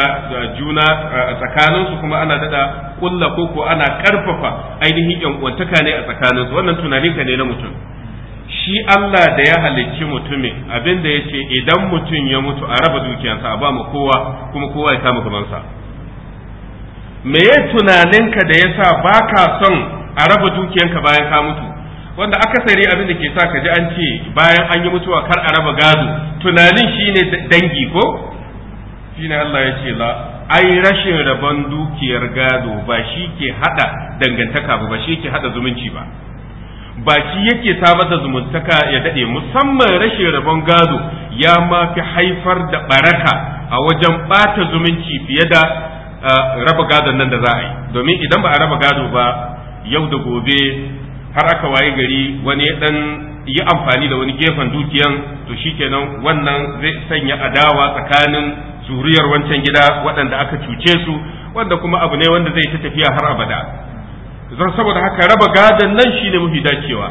[SPEAKER 2] juna eh, a tsakaninsu kuma ana daɗa kulla ko ana ƙarfafa ainihin yankwantaka ne a tsakaninsu wannan tunani ka ne na mutum shi Allah da ya halicci mutumin abinda ya ce idan mutum ya mutu a raba dukiyarsa a ba mu kowa kuma kowa ya kama gabansa me ya tunaninka da ya sa ba son a raba dukiyarka bayan ka mutu wanda akasari abin da ke sa ka ji an ce bayan an yi mutuwa kar a raba gado tunanin shine dangi ko ne Allah ya ce la ai rashin rabon dukiyar gado ba shi ke haɗa dangantaka ba ba shi ke hada zumunci ba Ba baki yake samar da zumuntaka ya daɗe musamman rashin rabon gado ya ma fi haifar da baraka a wajen ɓata zumunci fiye da raba gado nan da za a yi domin idan ba a raba gado ba yau da gobe har aka waye gari wani ya ɗan yi amfani da wani gefen dukiyan to shikenan wannan zai sanya adawa tsakanin zuriyar wancan gida waɗanda aka cuce su wanda kuma abu ne wanda zai ta tafiya har abada zan saboda haka raba gadon nan shi shine mafi dacewa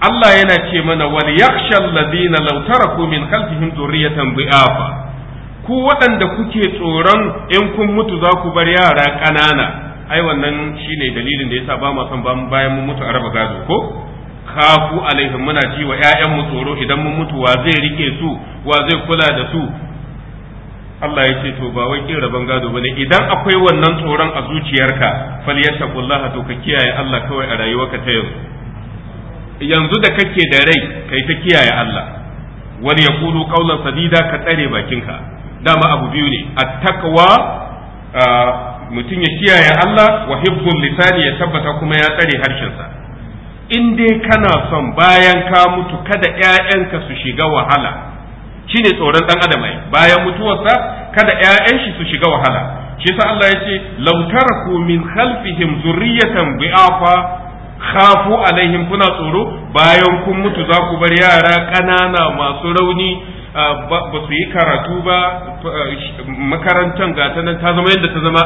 [SPEAKER 2] Allah yana ce mana wal yakhsha alladhina lautara taraku min khalfihim dhurriyatan bi'afa ku waɗanda kuke tsoron in kun mutu za ku bar yara ƙanana ai wannan shine dalilin da yasa ba mu san bayan mun mutu a raba gado ko kafu alaihim muna ji wa mu tsoro idan mun mutu wa zai rike su wa zai kula da su Allah ya ce to ba wai kin rabon gado bane idan akwai wannan tsoron a zuciyarka falyattaqullah to ka kiyaye Allah kawai a rayuwarka ta yau. yanzu da kake da rai kai ta kiyaye Allah wani ya kulu qawlan sadida ka tsare bakinka dama abu biyu ne at-taqwa mutum ya kiyaye Allah wa hibbul lisani ya tabbata kuma ya tsare harshensa in dai kana son bayan ka mutu kada ƴaƴanka su shiga wahala shine tsoron dan adam bayan mutuwarsa kada ƴaƴan shi su shiga wahala shi yasa Allah yace law taraku min khalfihim zurriyatan bi'afa khafu alaihim kuna tsoro bayan kun mutu za ku bar yara kanana masu rauni ba su yi karatu ba makarantar gata nan ta zama yadda ta zama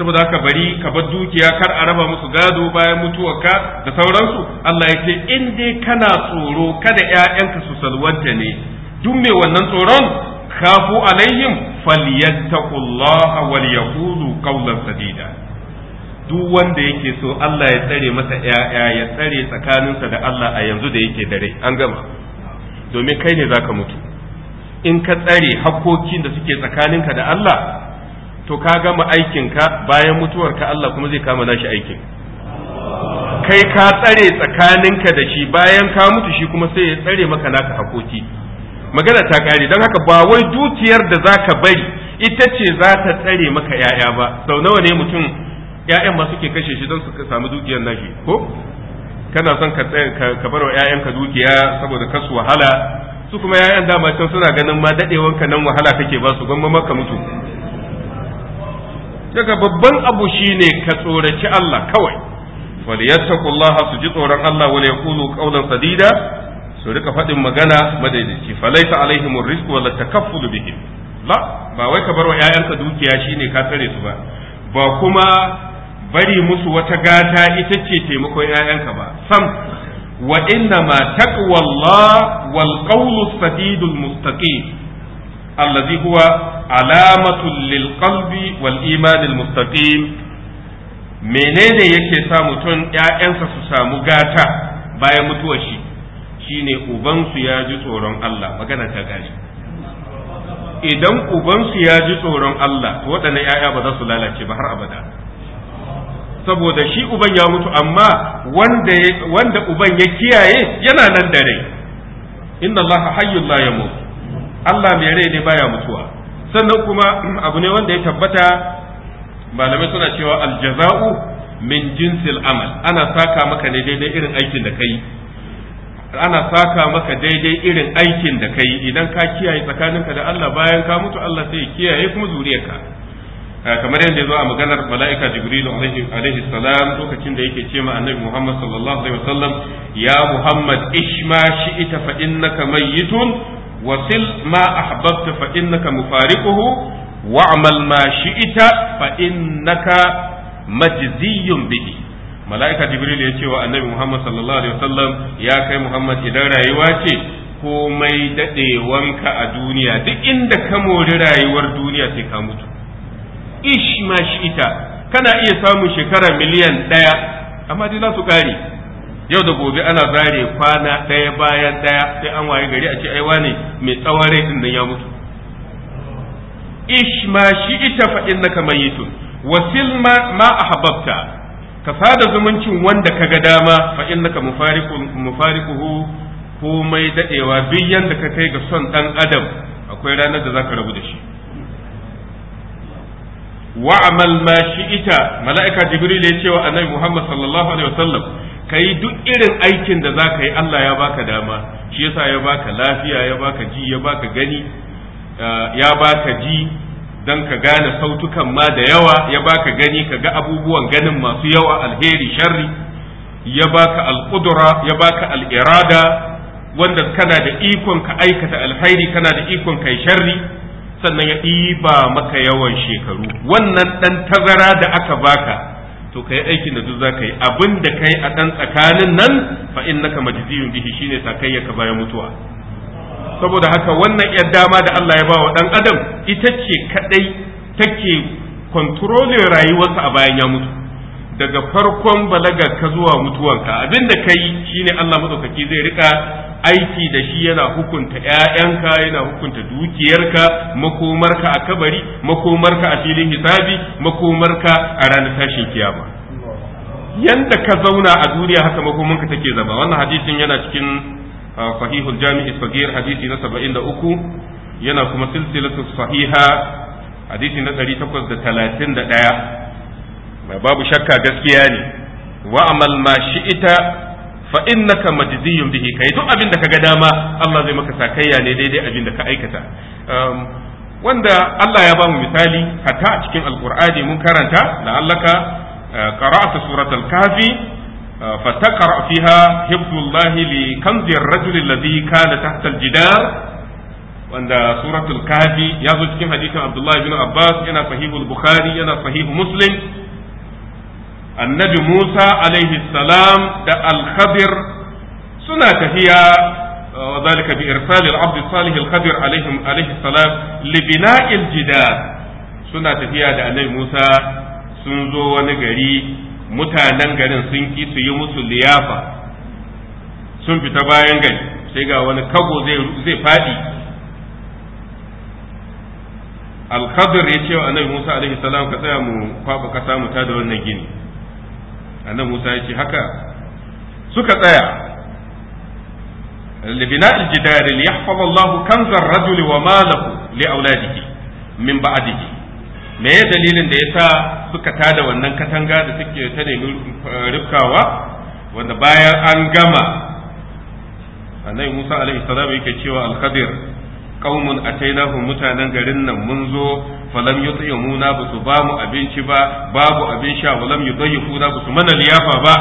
[SPEAKER 2] saboda haka bari ka bar dukiya kar a raba musu gado bayan mutuwarka da sauransu Allah ya in dai kana tsoro kada ƴaƴanka su salwanta ne duk mai wannan tsoron kafu alaihim falyattaqullaha wal yaqulu qawlan sadida duk wanda yake so Allah ya tsare masa ‘ya'ya ya tsare tsakaninsa da Allah a yanzu da yake dare an gama domin kai ne zaka mutu in ka tsare hakokin da suke tsakaninka da Allah to ka gama aikinka bayan mutuwarka Allah kuma zai kama nashi aikin kai ka tsare tsakaninka da shi bayan ka mutu shi kuma sai ya tsare maka naka hakoki magana ta kare don haka ba wai dukiyar da zaka bari ita ce za ta tsare maka yaya ba sau nawa ne mutum yayan masu suke kashe shi don su samu dukiyar nashi ko kana son ka ka bar wa yayanka dukiya saboda kasu wahala su kuma yayan dama can suna ganin ma ka nan wahala kake ba su gwamma maka mutu daga babban abu shine ka tsoraci Allah kawai waliyattaqullaha su ji tsoron Allah wala yaqulu qawlan sadida su rika faɗin magana madaidaici falaita alaihim rizqu wala takaffulu bihim la ba wai ka bar wa ƴaƴanka dukiya shine ka tare su ba ba kuma bari musu wata gata ita ce taimakon ƴaƴanka ba sam wa inna ma taqwallah wal qawlu sadidul mustaqim alladhi huwa alamatun lil qalbi wal iman al mustaqim menene yake sa mutum ƴaƴansa su samu gata bayan mutuwar shi shine ubansu ya ji tsoron Allah magana ta gashi. idan ubansu ya ji tsoron Allah to ‘ya'ya ba za su lalace ba har abada saboda shi uban ya mutu amma wanda uban ya kiyaye yana nan da rai inna Allah hayyul la yamut Allah mai rai ne baya mutuwa sannan kuma abu ne wanda ya tabbata malamai suna cewa aljaza'u min jinsil amal ana saka maka ne daidai irin aikin da kai ana saka maka daidai irin aikin da kai idan ka kiyaye tsakaninka da Allah bayan ka mutu Allah sai ya kiyaye kuma zuriyarka
[SPEAKER 1] ah, kamar yadda ya zo a maganar mala'ika jibril alaihi salam lokacin da yake ce ma annabi muhammad sallallahu alaihi wasallam ya muhammad ishma
[SPEAKER 2] shi'ita fa innaka mayyitun wasil ma ahbabta fa innaka mufariquhu wa'mal ma ita fa innaka majziyun bihi mala'ika jibril ya ce wa annabi muhammad sallallahu alaihi wasallam ya kai muhammad idan rayuwa ce komai dadewanka a duniya duk inda ka mori rayuwar duniya sai ka mutu ish ma ita kana iya samun shekara miliyan daya amma dai za su kare yau da gobe ana zare kwana daya bayan daya sai an waye gari a ce aiwa ne mai tsawon din nan ya mutu ish ma ita fa innaka mayitun wasil ma ahbabta ka sada zumuncin wanda ka ga dama fa innaka mufariquhu komai dadewa biyan yanda ka kai ga son dan adam akwai ranar da zaka rabu da shi wa'amal ma shi'ita mala'ika jibril ya ce wa annabi muhammad sallallahu alaihi wasallam kai duk irin aikin da zaka yi Allah ya baka dama shi yasa ya baka lafiya ya baka ji ya baka gani ya baka ji don ka gane sautukan ma da yawa ya baka gani ka ga abubuwan ganin masu yawa alheri sharri ya baka alƙudura ya baka al'irada wanda kana da ikon ka aikata alhairi kana da ikon kai sharri sannan ya ɗiba maka yawan shekaru wannan ɗan tazara da aka baka to kai aikin da duk za ka yi abin da kai a ɗan tsakanin nan fa innaka majziyun bihi shine ka bayan mutuwa saboda haka wannan yar dama da Allah ya ba wa ɗan adam ita ce kaɗai take kontrolin rayuwarsa a bayan ya mutu daga farkon balagar ka zuwa mutuwanka da ka yi shine Allah madaukaki zai rika aiki da shi yana hukunta 'ya'yanka, yana hukunta dukiyarka makomarka a kabari makomarka a filin hisabi makomarka a ranar tashin kiyama yanda ka zauna a duniya haka makomanka take zama wannan hadisin yana cikin sahihul jami'i sagir hadisi na 73 yana kuma silsilatu fahiha hadisi na da da talatin ɗaya. 831 babu shakka gaskiya ne wa amal ma shi'ita fa innaka majziyun bihi kai duk abin da ka ga dama Allah zai maka sakayya ne daidai abin da ka aikata wanda Allah ya ba mu misali hatta a cikin alqur'ani mun karanta la'allaka qara'ta suratul kafi فتقرأ فيها حفظ الله لكنز الرجل الذي كان تحت الجدار وأن سورة الكهف يزوج كم حديث عبد الله بن عباس أنا صحيح البخاري أنا صحيح مسلم النبي موسى عليه السلام دا الخضر سنة هي وذلك بإرسال العبد الصالح الخضر عليهم عليه السلام لبناء الجدار سنة هي دا النبي موسى sun zo wani gari mutanen garin sun ki su yi musu liyafa sun fita bayan gari sai ga wani kago zai faɗi alkhadir ya ce wa annabi musa alaihi salam ka tsaya mu kwaba kasa mu ta da wannan gini annabi musa ya ce haka suka tsaya لبناء الجدار ليحفظ الله كنز الرجل وماله لأولاده من بعده me ya dalilin da ya sa suka tada wannan katanga da suke ta nemi eh, rufkawa wanda bayan an gama annabi Musa alaihi salam yake cewa al-Khadir qaumun atainahum mutanen garin nan mun zo falam yut'imuna ba su ba mu abinci ba babu abin sha walam yudayyifuna ba su mana liyafa ba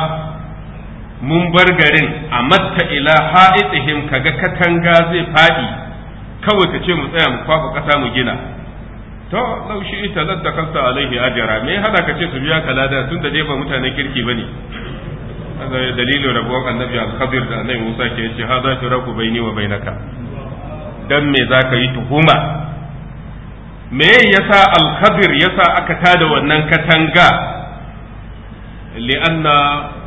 [SPEAKER 2] mun bar garin amatta ila ha'itihim kaga katanga zai fadi kawai ka ce mu tsaya mu kwafa kasa mu gina to laushi ita ladda kasta alaihi ajara me hada ka ce su biya ka lada tun da ba mutane kirki bane hada dalilin rabuwar annabi al-khadir da annabi Musa ke yace hada firaku baini wa bainaka dan me zaka yi tuhuma me yasa al-khadir yasa aka tada wannan katanga li'anna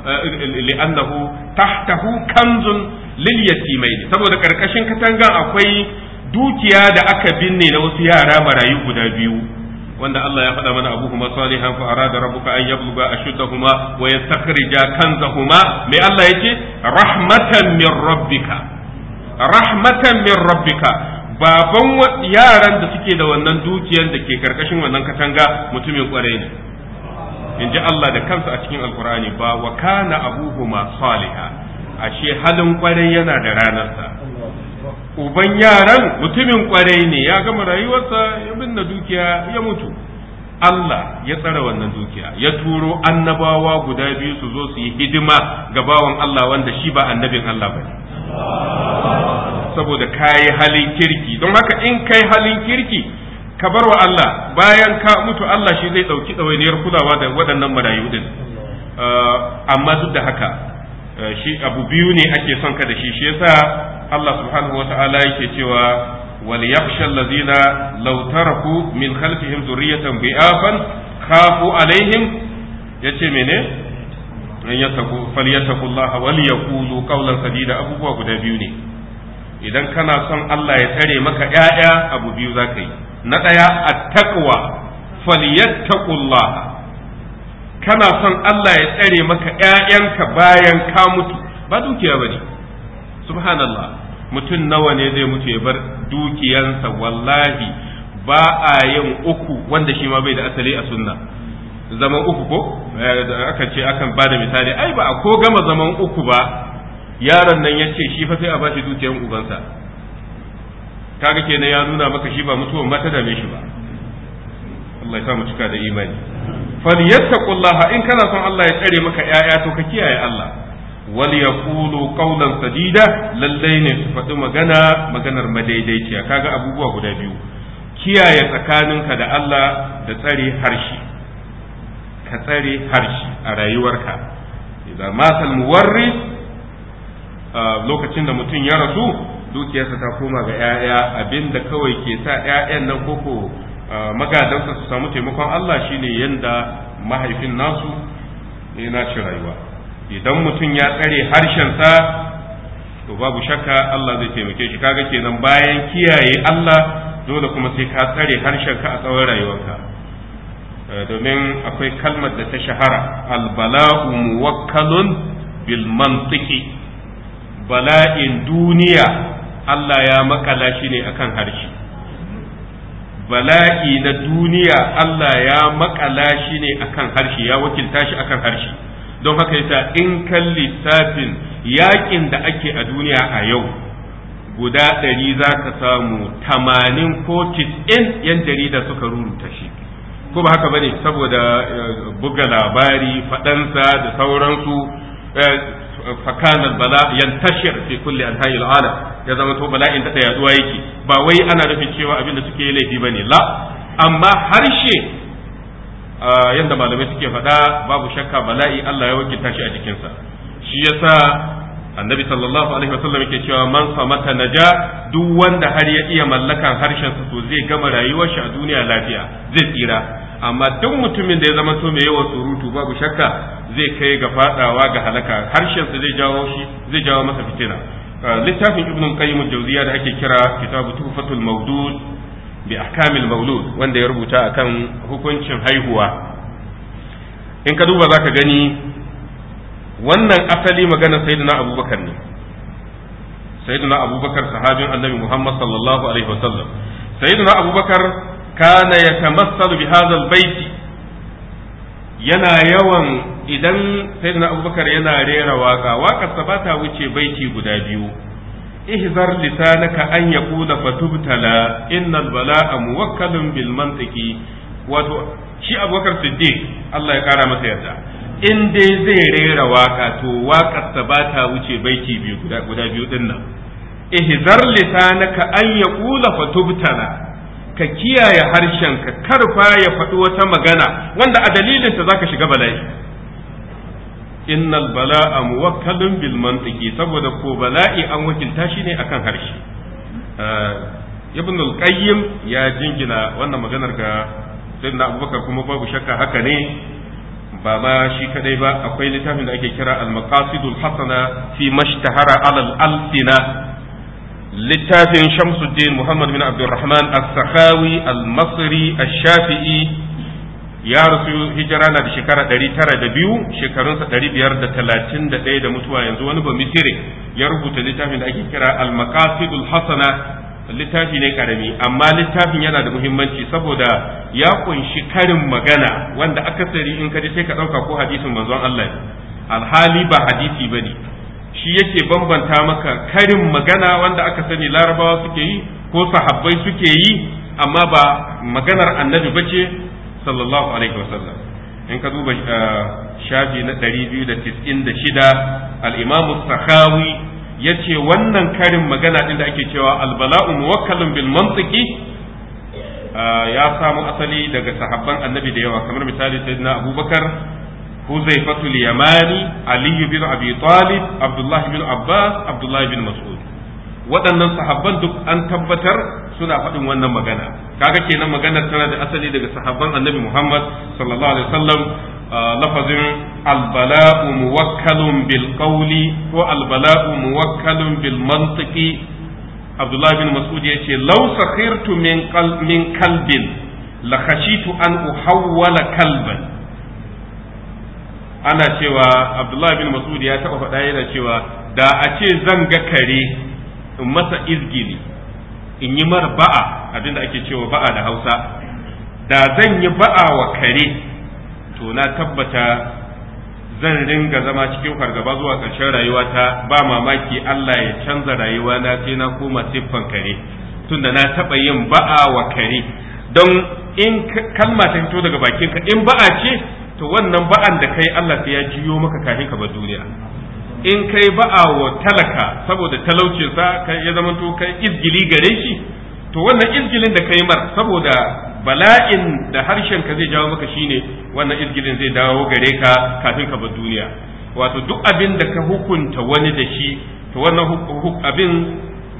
[SPEAKER 2] eh, li'annahu tahtahu kanzun lil yatimaini saboda karkashin katangan akwai dukiya da aka binne da wasu yara marayu guda biyu wanda Allah ya faɗa mana abu kuma salihan fa arada rabbuka an yabluga ashuddahuma wa yastakhrija kanzahuma mai Allah yake rahmatan min rabbika rahmatan min rabbika baban yaran da suke da wannan dukiyar da ke karkashin wannan katanga mutumin kwarai ne in ji Allah da kansa a cikin alkur'ani ba wa kana abuhuma saliha ashe halin kwarai yana da ranarsa uban yaran mutumin kwarai ne ya gama rayuwarsa ya binne dukiya ya mutu Allah ya tsara wannan dukiya ya turo annabawa guda biyu su zo su yi hidima ga bawan Allah wanda shi ba annabin Allah ba saboda kayi halin kirki don haka in kai halin kirki ka bar wa Allah bayan ka mutu Allah shi zai ɗauki ɗawainiyar kulawa da waɗannan marayu din uh, amma duk da haka uh, shi abu biyu ne ake son ka da shi shi yasa Allah subhanahu wata'ala yake cewa wal yakhsha allazina law taraku min khalfihim dhurriyatan bi'afan khafu alaihim yace mene in yataku falyatakullah wal yaqulu qawlan sadida abubuwa guda biyu ne idan kana son Allah ya tare maka ƴaƴa abu biyu zaka yi na ɗaya at-taqwa falyattakullah kana son Allah ya tsare maka ‘ya'yanka bayan ka mutu ba dukiya ba ne subhanallah mutum nawa ne zai mutu ya bar dukiyansa wallahi ba a yin uku wanda shi ma bai da asali a sunna zaman uku ko eh, aka ce akan ba da misali ai ba a ko gama zaman uku ba yaron nan ya ce shi fa sai a bashi dukiyar ubansa kaga kenan ya nuna maka shi ba mutuwan ba ta dame shi ba Allah ya sa mu cika da imani ƙullaha in kana son Allah ya tsare maka yaya to ka kiyaye Allah wal yaqulu sadida lallai ne su faɗi magana maganar madaidaiciya kaga abubuwa guda biyu kiyaye tsakaninka da Allah da tsare harshe ka tsare harshe a rayuwarka idan masal muwarris lokacin da mutum ya rasu dukiyarsa ta koma ga 'ya'ya abinda kawai ke sa 'ya'yan nan koko magadansa su samu taimakon Allah shine yanda mahaifin nasu yana cin rayuwa idan mutum ya tsare harshensa to babu shakka Allah zai taimake shi kaga kenan bayan kiyaye Allah dole kuma sai ka tsare harshenka a tsawon rayuwarka eh, domin akwai kalmar da ta shahara albala'u muwakkalun bil mantiki bala'in duniya Allah ya makala shi ne akan harshe bala'i na duniya Allah ya makala shi ne akan harshe ya wakilta shi akan harshe don haka yasa in kan lissafin yakin da ake a duniya a yau guda ɗari za ka samu tamanin ko in yan jarida suka ruruta shi ko ba haka bane saboda eh, buga labari faɗansa da sauransu eh, fakanan bala yantashir fi kulli anhayil alam ya zama to bala'in da yaduwa yake ba wai ana nufin cewa abin da suke laifi bane la amma harshe yadda malamai suke faɗa babu shakka bala'i Allah ya wakilta shi a jikinsa shi yasa annabi sallallahu alaihi wasallam yake cewa man samata naja duk wanda har ya iya mallakan harshen sa to zai gama rayuwar shi a duniya lafiya zai tsira amma duk mutumin da ya zama to mai yawan surutu babu shakka zai kai ga fadawa ga halaka harshen sa zai jawo shi zai jawo masa fitina littafin ibnu qayyim jawziya da ake kira kitabu tuhfatul mawdud bi ahkamil maulud wanda ya rubuta akan hukuncin haihuwa in ka duba zaka gani wannan asali maganar sayyidina abubakar ne sayyidina abubakar sahabin annabi muhammad sallallahu alaihi wasallam sayyidina abubakar kana yatamassalu bi hadha albayt yana yawan idan sayyidina abubakar yana rera waka waƙarsa ba ta wuce baiti guda biyu ihzar lisanaka an yaqula fatubtala innal bala'a muwakkalun bil mantiki wato shi abubakar siddiq Allah ya kara masa yarda in dai zai rera waka to wakar ta ba ta wuce baiti biyu guda guda biyu din nan ihzar lisanaka an yaqula fatubtala ka kiyaye harshenka karfa ya faɗi wata magana wanda a dalilin ta zaka shiga bala'i innal bala'a muwakkalun bil mantiki saboda ko bala'i an wakilta shi ne akan harshe eh, ibn al-qayyim ya jingina wannan maganar ga sayyidina abubakar kuma babu shakka haka ne ba ma shi kadai ba akwai littafin da ake kira al-maqasidul hasana fi mashtahara alal al littafin shamsuddin muhammad bin abdurrahman as-sakhawi al-masri ash-shafi'i ya rasu hijira na da shekara ɗari tara da biyu shekarunsa ɗari biyar da talatin da da ɗaya mutuwa yanzu wani ba misiri ya rubuta littafin da ake kira al-maqasidul hasana littafi ne karami amma littafin yana da muhimmanci saboda ya kunshi karin magana wanda akasari in ka ji sai ka ɗauka ko hadisin manzon Allah alhali ba hadisi ba ne shi yake bambanta maka karin magana wanda aka sani larabawa suke yi ko sahabbai suke yi amma ba maganar annabi bace sallallahu alaihi wasallam in ka duba eh, shafi na shida al-imamu ya yace wannan karin magana ɗin da ake cewa al-bala'u muwakkalun bil mantiki eh, ya samu asali daga sahabban annabi da yawa kamar misali na abubakar huzaifatul yamani aliyu bin abi talib abdullah bin abbas abdullah bin mas'ud waɗannan sahabban duk an tabbatar suna faɗin wannan magana kaga kenan maganar tana da asali daga sahabban annabi Muhammad sallallahu alaihi wasallam ah, lafazin albala'u muwakkalun bil qawli ko albala'u muwakkalun bil mantiqi Abdullah bin Mas'ud yace law sakhirtu min min kalbin la khashitu an uhawwala kalban ana cewa Abdullah bin Mas'ud ya taba faɗa yana cewa da a ce zan ga kare in masa izgili in yi mara ba'a abin da ake cewa ba'a da hausa da zan yi ba'a wa kare to na tabbata zan ringa zama cikin fargaba zuwa ƙarshen rayuwata ba mamaki Allah ya canza rayuwa na sai na koma siffan kare tunda na taɓa yin ba'a wa kare don in kalma ta fito daga bakinka in ba'a ce to wannan ba'an da kai Allah sai ya jiyo maka kafin ka bar duniya in kai ba'a wa talaka saboda talaucinsa ya zama to kai izgili gare shi to wannan izgilin da kai mar saboda bala'in da harshen ka zai jawo maka shine wannan izgilin zai dawo gare ka kafin ka bar duniya wato duk abin da ka hukunta wani da shi to wannan abin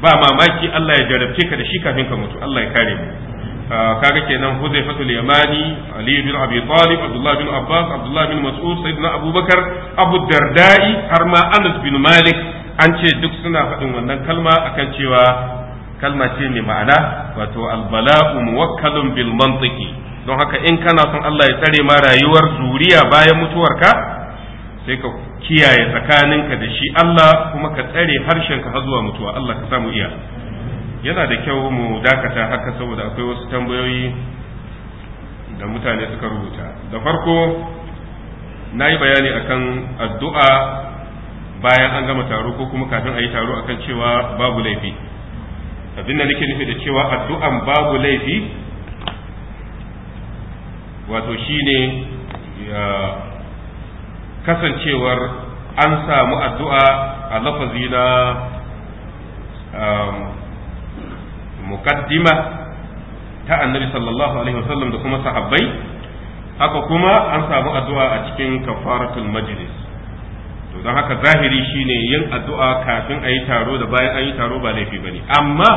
[SPEAKER 2] ba mamaki Allah ya jarabce ka da shi kafin ka mutu Allah ya kare mu ah, kaga kenan Huzaifatu al-Yamani Ali bin Abi Talib Abdullah bin Abbas Abdullah bin Mas'ud Sayyidina Abubakar Abu Darda'i har ma Anas bin Malik an ce duk suna faɗin wannan kalma akan cewa kalma ce mai ma'ana wato albala'u muwakkalun bil mantiki don haka in kana son Allah ya tsare ma rayuwar zuriya bayan mutuwarka sai ka kiyaye tsakaninka da shi Allah kuma ka tsare harshenka har zuwa mutuwa Allah ka samu iya yana da kyau mu dakata haka saboda akwai wasu tambayoyi da mutane suka rubuta da farko na yi bayani akan addu'a bayan an gama taro ko kuma kafin a yi taro akan cewa babu laifi abinda nake nufi da cewa addu'an babu laifi wato shine kasancewar an samu addu'a a lafazi na um, muqaddima ta annabi sallallahu alaihi wasallam da kuma sahabbai haka kuma an samu addu'a a cikin kafaratul majlis to don haka zahiri shine yin addu'a kafin a yi taro da bayan an yi taro ba laifi ba ne amma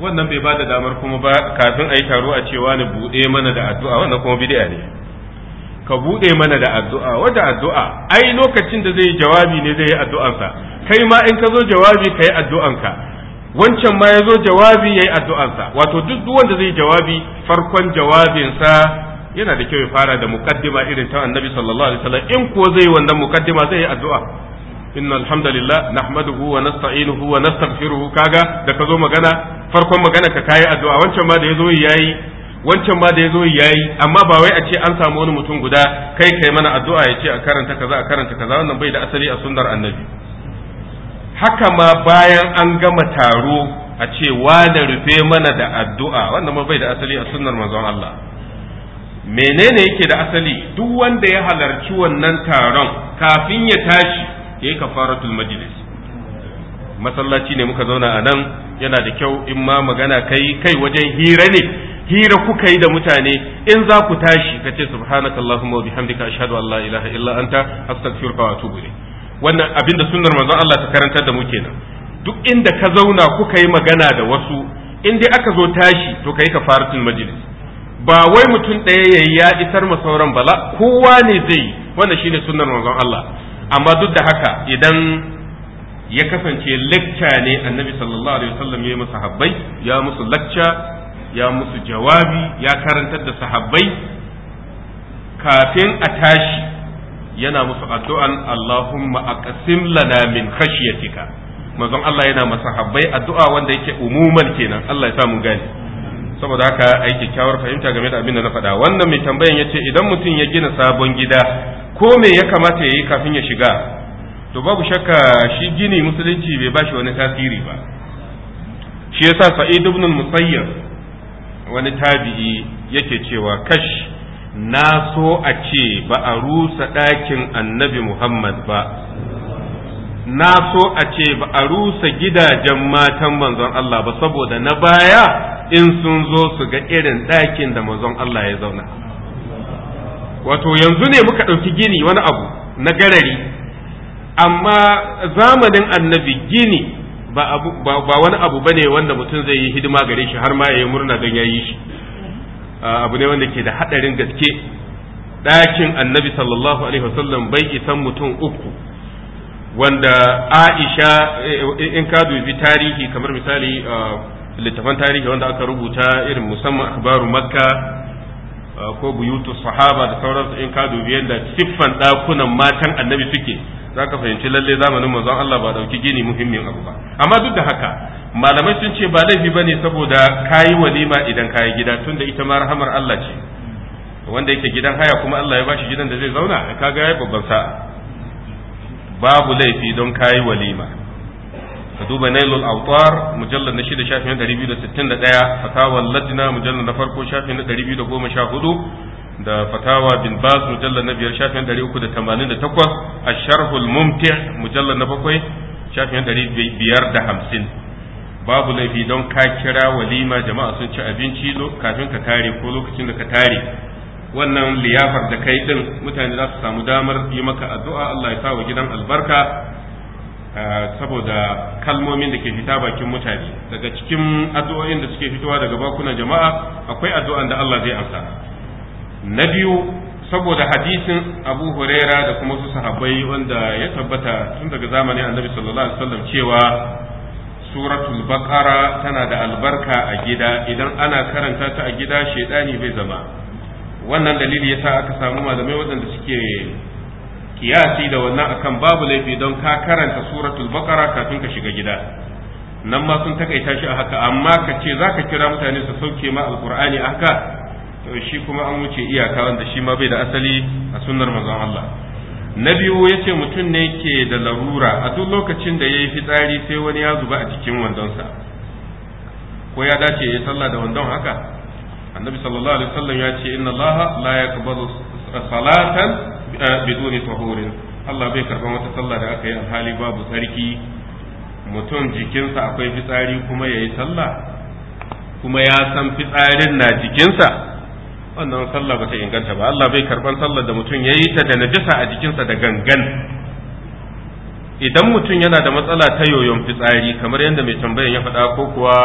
[SPEAKER 2] wannan bai bada damar kuma ba kafin a yi taro a cewa ni buɗe mana da addu'a wannan kuma bid'a ne ka buɗe mana da addu'a wadda addu'a ai lokacin da zai jawabi ne zai yi addu'ansa kai ma in ka zo jawabi ka yi addu'anka wancan ma ya zo jawabi ya yi addu'ansa wato duk wanda zai jawabi farkon jawabinsa yana da kyau ya fara da mukaddima irin ta annabi sallallahu alaihi wasallam in ko zai wannan mukaddima zai yi addu'a inna alhamdulillah nahmaduhu wa nasta'inuhu wa nastaghfiruhu kaga da ka zo magana farkon magana ka kai addu'a wancan ma da yazo yayi wancan ma da yazo yayi amma ba wai a ce an samu wani mutum guda kai kai mana addu'a ya ce a karanta kaza a karanta kaza wannan bai da asali a sunnar annabi haka ma bayan an gama taro a ce wa da rufe mana da addu'a wannan ma bai da asali a sunnar manzon Allah menene yake da asali duk wanda ya halarci wannan taron kafin ya tashi ya yi kafaratul majlis masallaci ne muka zauna a nan yana da kyau in ma magana kai kai wajen hira ne hira kuka yi da mutane in za ku tashi ka ce subhanaka allahumma wa bihamdika ashhadu an la ilaha illa anta astaghfiruka wa atubu ilayk wannan abin da sunnar manzon Allah ta karantar da mu kenan duk inda ka zauna kuka yi magana da wasu in dai aka zo tashi to kai kafaratul majlis ba wai mutum ɗaya ya ya isar ma sauran bala kowa ne zai wannan shine sunnar manzon Allah amma duk da haka idan ya kasance lacca ne annabi sallallahu alaihi wasallam ya musu habbai ya musu lacca ya musu jawabi ya karantar da sahabbai kafin a tashi yana musu addu'an Allahumma aqsim lana min khashyatika manzon Allah yana masa habbai addu'a wanda yake umuman kenan Allah ya sa mu gane saboda haka ai kyakkyawar fahimta game da abin da na faɗa wannan mai tambayan ya ce idan mutum ya gina sabon gida ko me ya kamata ya yi kafin ya shiga to babu shakka shi gini musulunci bai bashi wani tasiri ba shi yasa sa'id ibn musayyib wani tabi'i yake cewa kash na so a ce ba a rusa dakin annabi muhammad ba na so a ce ba a rusa gidajen matan manzon Allah ba saboda na baya in sun zo su ga irin ɗakin da mazon Allah ya zauna wato yanzu ne muka ɗauki gini wani abu na garari amma zamanin annabi gini ba wani abu ba ne wanda mutum zai yi hidima gare shi har ma ya yi murna don ya yi shi abu ne wanda ke da haɗarin gaske ɗakin annabi sallallahu alaihi wasallam bai isan mutum uku wanda aisha eh, in ka dubi tarihi kamar misali ah, littafan tarihi wanda aka rubuta irin musamman akbaru makka uh, ko buyutu sahaba da sauransu in ka dubi yadda siffan dakunan matan annabi suke za ka fahimci lalle zamanin manzon Allah ba dauki gini muhimmin abu ba amma duk da haka malamai sun ce ba laifi ba ne saboda ka yi walima idan ka yi gida tun da ita ma rahamar Allah ce wanda yake gidan haya kuma Allah ya bashi gidan da zai zauna kaga ya babban sa'a babu laifi don ka yi walima ka duba nailul autar mujallar na shida shafin ɗari biyu da sittin da ɗaya fatawa lajina mujallar na farko shafin na ɗari biyu da goma sha hudu da fatawa bin bas mujallar na biyar shafin ɗari uku da tamanin da takwas a sharhul mumti mujallar na bakwai shafin ɗari biyar da hamsin babu laifi don ka kira walima jama'a sun ci abinci kafin ka tare ko lokacin da ka tare
[SPEAKER 3] wannan liyafar da kai din mutane za su samu damar yi maka addu'a Allah ya sa wa gidan
[SPEAKER 2] albarka Eh, saboda kalmomin da ke fita bakin mutane daga cikin addu'o'in da suke fitowa daga bakunan jama'a akwai addu'an da Allah zai amsa na biyu saboda hadisin Abu Huraira da kuma su sahabbai wanda ya tabbata tun daga zamanin Annabi sallallahu alaihi wasallam cewa
[SPEAKER 1] suratul baqara tana da albarka a gida idan ana karanta ta a gida shedani bai zama
[SPEAKER 2] wannan dalili yasa aka samu malamai waɗanda suke kiyasi da wannan akan babu laifi don ka karanta suratul baqara kafin ka shiga gida nan ma sun takaita shi a haka amma ka ce za ka kira mutane su sauke ma alqur'ani a haka to shi kuma an wuce iyaka wanda shi ma bai da asali a sunnar manzon Allah na biyu ya ce mutum ne ke da larura a duk lokacin da ya yi fitsari sai wani ya zuba a cikin wandonsa ko ya dace ya sallah da wandon haka annabi sallallahu alaihi wasallam ya ce inna allaha la yaqbalu salatan biduni tahurin Allah bai karban wata sallah da aka yi alhali babu tsarki mutum jikinsa akwai fitsari kuma ya yi sallah kuma ya san fitsarin na jikinsa wannan sallah ba ta inganta ba Allah bai karban sallah da mutum ya yi ta da najisa a jikinsa da gangan idan mutum yana da matsala ta yoyon fitsari kamar yadda mai tambayan ya faɗa ko kuwa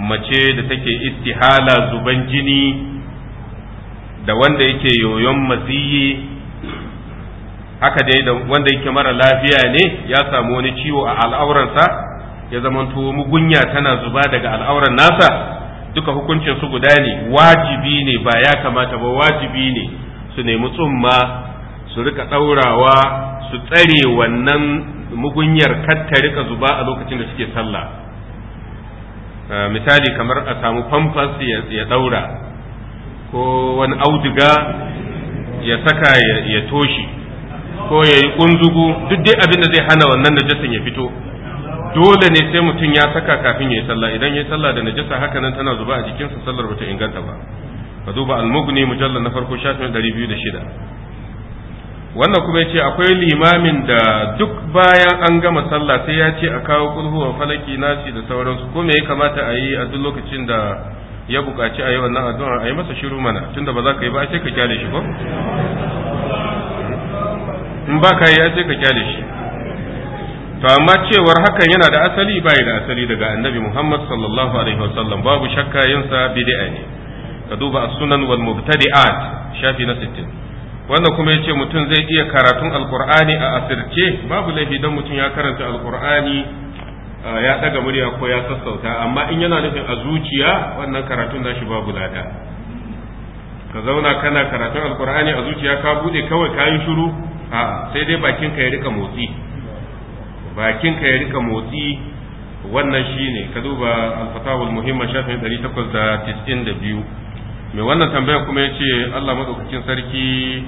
[SPEAKER 2] mace da take istihala zuban jini da wanda yake yoyon maziyi haka dai da wanda yake mara lafiya ne ya samu wani ciwo a al'auransa ya zamanto mugunya tana zuba daga al'auran nasa duka hukuncin su guda ne wajibi ne ba ya kamata ba wajibi ne su nemi tsumma su rika ɗaurawa su tsare wannan mugunyar kar ta rika zuba a lokacin da suke sallah ah, misali kamar a samu famfas ya ɗaura ko wani auduga ya saka ya toshi ko ya yi kunzugu duk dai abin da zai hana wannan najasin ya fito dole ne sai mutum ya saka kafin ya yi sallah idan ya yi sallah da najasa haka nan tana zuba a jikinsa sallar bata inganta ba ka duba almugni mujallar na farko shafin dari biyu da shida wannan kuma ya ce akwai limamin da duk bayan an gama sallah sai ya ce a kawo wa falaki nasi da sauransu ko me ya kamata a yi a duk lokacin da ya buƙaci a yi wannan addu'a a yi masa shiru mana tunda ba za ka yi ba sai ka kyale shi ko in ba ka yi sai ka kyale shi to amma cewar hakan yana da asali bai da asali daga annabi Muhammad sallallahu alaihi wasallam babu shakka yin sa bid'a ne ka duba as-sunan wal mubtadi'at shafi na 60 wannan kuma yace mutum zai iya karatun alqur'ani a asirce babu laifi dan mutum ya karanta alqur'ani ya daga murya ko ya sassauta amma in yana nufin a zuciya wannan karatun nashi babu lada ka zauna kana karatun alqur'ani a zuciya ka bude kawai kayi shiru a sai dai bakin ka ya rika motsi bakin ka ya rika motsi wannan shine ka duba al-fatawul muhimma shafin 892 mai wannan tambaya kuma ya ce Allah madaukakin sarki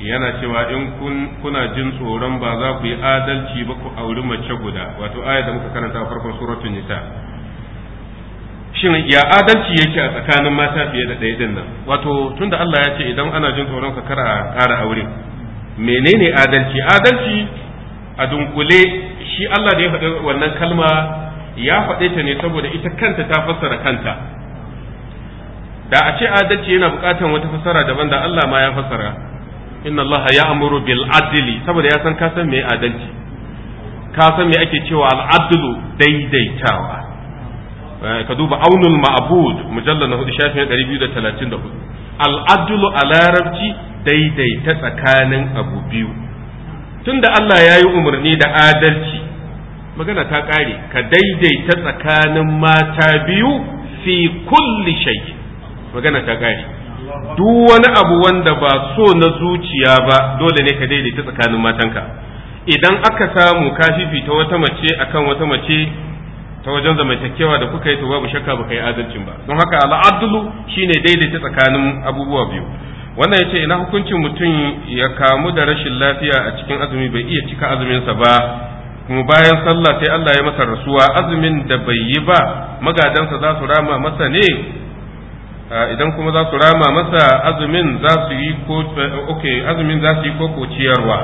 [SPEAKER 2] yana cewa in kuna jin tsoron ba za ku yi adalci ba ku auri mace guda wato aya da muka karanta a farkon suratun nisa shin ya adalci yake a tsakanin mata fiye da ɗaya din nan wato tunda Allah ya ce idan ana jin tsoron ka kara kara aure menene adalci adalci a dunkule shi Allah da ya faɗi wannan kalma ya faɗe ta ne saboda ita kanta ta fassara kanta da a ce adalci yana buƙatar wata fassara daban da Allah ma ya fassara inna Allah ya amuru bil adli saboda ya san ka san me adalci ka san me ake cewa al adlu daidaitawa Eh, ka duba aunul ma'bud mujallal na hudu shafin 234 al'adlu a larabci daidaita tsakanin abu biyu tunda Allah ya yi umarni da adalci magana ta kare ka daidaita tsakanin mata biyu fi kulli shay magana ta kare duk wani abu wanda ba so na zuciya ba dole ne ka daidaita tsakanin matanka idan aka samu kafifi ta wata mace akan wata mace ta wajen zamantakewa da kuka yi to babu shakka baka yi adalcin ba don haka al'adulu shine daidaita tsakanin abubuwa biyu wannan yace ina hukuncin mutum ya kamu da rashin lafiya a cikin azumi bai iya cika azumin sa ba kuma bayan sallah sai Allah ya masa rasuwa azumin da bai yi ba magadansa za su rama masa ne idan kuma za su rama masa azumin za su yi ko eh, azumin za su yi ko ciyarwa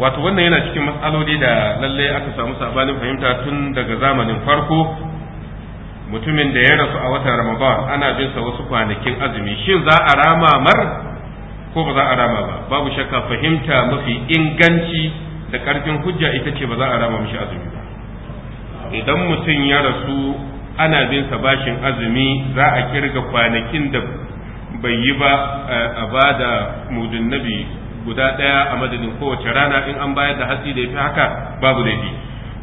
[SPEAKER 2] wato wannan yana cikin matsaloli da lalle aka samu sabanin fahimta tun daga zamanin farko mutumin da ya rasu a watan ramadan ana jin sa wasu kwanakin azumi shin za a rama mar ko ba za a rama ba babu shakka fahimta mafi inganci da karfin hujja ita ce ba za a rama mishi azumi ba idan mutum ya rasu ana jin sa bashin azumi za a kirga kwanakin da bai yi ba eh, a bada mudun guda ɗaya a madadin kowace rana in an bayar da hatsi da ya fi haka babu laifi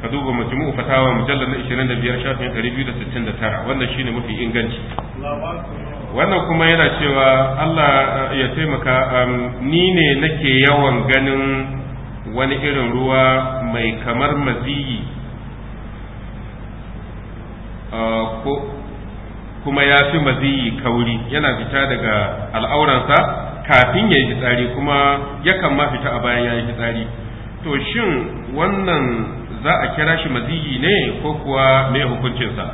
[SPEAKER 2] ka duba mutum fatawa mujallar na 25 shafin 269 wannan shine mafi inganci wannan kuma yana cewa Allah uh, ya taimaka um, ni ne nake yawan ganin wani irin ruwa mai kamar maziyi uh, kuma ya fi maziyi kauri yana fita daga al'auransa kafin ya yi fitsari kuma yakan ma fita a bayan ya yi fitsari to shin wannan za a kira shi maziyi ne ko kuwa me hukuncinsa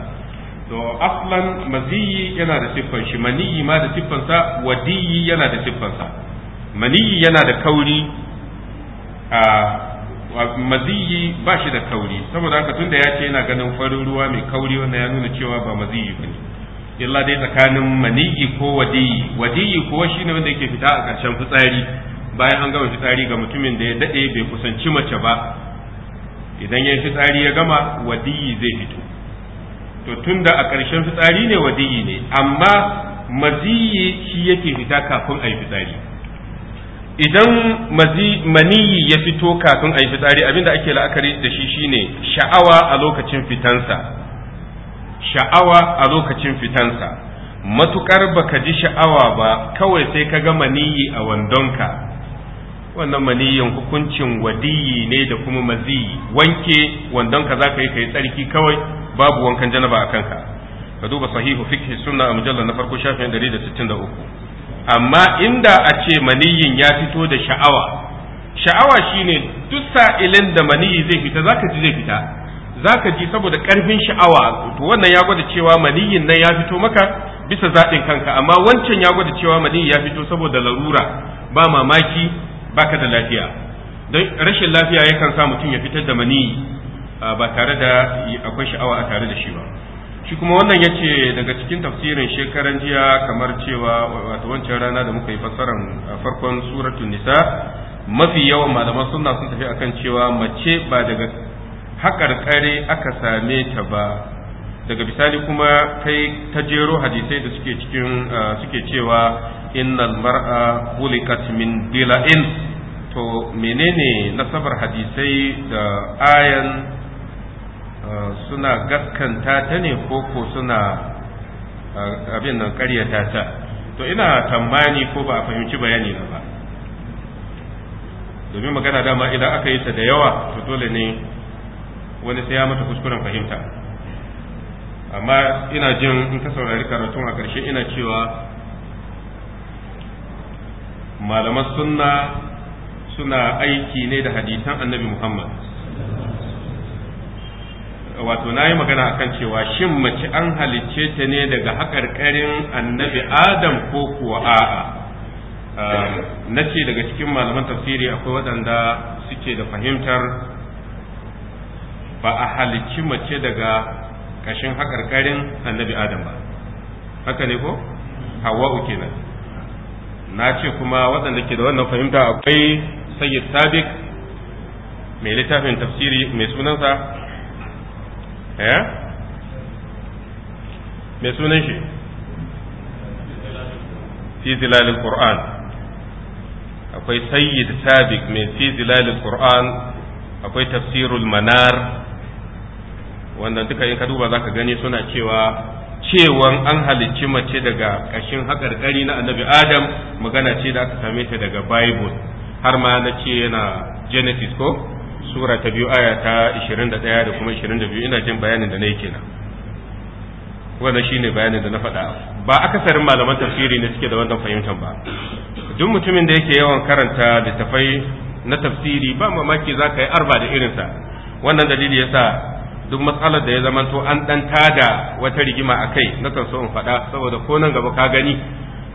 [SPEAKER 2] to aslan maziyi yana da siffan shi maniyi ma da siffansa wadiyi yana da siffansa maniyi yana da kauri a maziyi ba shi da kauri saboda haka tunda ya ce yana ganin farin ruwa mai kauri wannan ya nuna cewa ba maziyi ba ne illa dai tsakanin maniyi ko wadiyi wadiyi ko shi ne wanda yake fita a ƙarshen fitsari bayan an gama fitsari ga mutumin da ya daɗe bai kusanci mace ba idan ya fitsari ya gama wadiyi zai fito to tunda a ƙarshen fitsari ne wadiyi ne amma maziyi shi yake fita kafin a yi fitsari idan maniyi ya fito kafin a yi fitsari abinda ake la'akari da shi shine sha'awa a lokacin fitansa sha'awa a lokacin fitansa matukar baka ji sha'awa ba kawai sai ka ga maniyi a wandonka wannan maniyin hukuncin wadiyi ne da kuma maziyi wanke wandonka za ka yi ka tsarki kawai babu wankan janaba a kanka ka duba sahihu fiqh sunna a mujallar na farko shafin 163 amma inda a ce maniyin ya fito da sha'awa sha'awa shine duk sa'ilin da maniyi zai fita zaka ji zai fita zaka ji saboda karfin sha'awa to wannan ya gwada cewa maniyin nan ya fito maka bisa zaɗin kanka amma wancan ya gwada cewa maniyi ya fito saboda larura ba mamaki baka da lafiya don rashin lafiya yakan sa mutum ya fitar da maniyi ba tare da akwai sha'awa a tare da shi ba shi kuma wannan ya ce daga cikin tafsirin shekaran jiya kamar cewa wata wancan rana da muka yi fassarar farkon suratun nisa mafi yawan malaman sunna sun tafi akan cewa mace ba daga Haƙar haƙarƙare aka same ta ba daga bisani kuma kai ta jero hadisai da suke cikin uh, suke cewa innal mar'a bulikat min dila'in to menene nasabar hadisai da ayan uh, suna gaskanta ta ne ko ko suna uh, abin nan ƙaryata ta to ina tambani ko ba a fahimci bayani na ba domin magana dama idan aka yi ta da yawa to dole ne wani sai ya mata kuskuren fahimta amma ina jin in ka saurari karatun a ƙarshe ina cewa malaman sunna suna aiki ne da hadisan annabi muhammad wato na yi magana akan cewa shin mace an halicce ta ne daga haƙarƙarin annabi adam ko kuwa a'a ehm, na ce daga cikin malaman tafsiri akwai waɗanda suke da fahimtar ba a halicci mace daga kashin haƙarƙarin annabi adam ba haka ne ko uke nan. na ce kuma waɗanda ke da wannan fahimta akwai sayyid sadiq mai littafin tafsiri mai sunansa eh mai sunan shi fi zilalin qur'an akwai sayyid sadiq mai fi zilalin qur'an akwai tafsirul manar wanda duka in ka duba zaka gani suna cewa cewan an halicci mace daga ƙashin haƙarƙari na annabi adam magana ce da aka same ta daga bible har ma na ce yana genesis ko sura ta biyu aya ta 21 da kuma 22 ina jin bayanin da na yi kenan shi shine bayanin da na faɗa ba akasarin malaman tafsiri ne suke da wannan fahimtar ba duk mutumin da yake yawan karanta littafai na tafsiri ba mamaki za ka yi arba da irinsa wannan dalili yasa duk matsalar da ya zama zamanto an dan tada wata rigima a kai na kan so in faɗa saboda ko nan gaba ka gani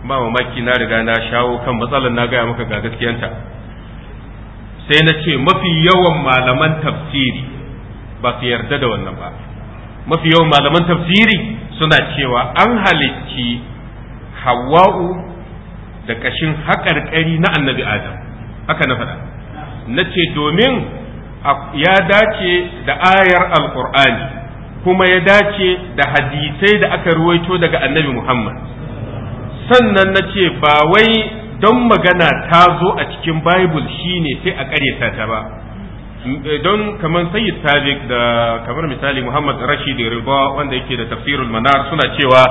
[SPEAKER 2] ba mamaki na riga na shawo kan matsalar na gaya maka ga gaskiyanta sai na ce mafi yawan malaman tafsiri ba su yarda da wannan ba mafi yawan malaman tafsiri suna cewa an halicci hawa'u da kashin haƙarƙari na annabi adam haka na faɗa na ce domin ya dace da ayar alkur'ani kuma ya dace da hadisai da aka ruwaito daga annabi muhammad sannan na ce ba wai don magana ta zo a cikin bible shine sai a ƙaryata ta ba eh, don kamar sayyid sabiq da kamar misali muhammad rashid riba wanda yake da tafsirul manar suna cewa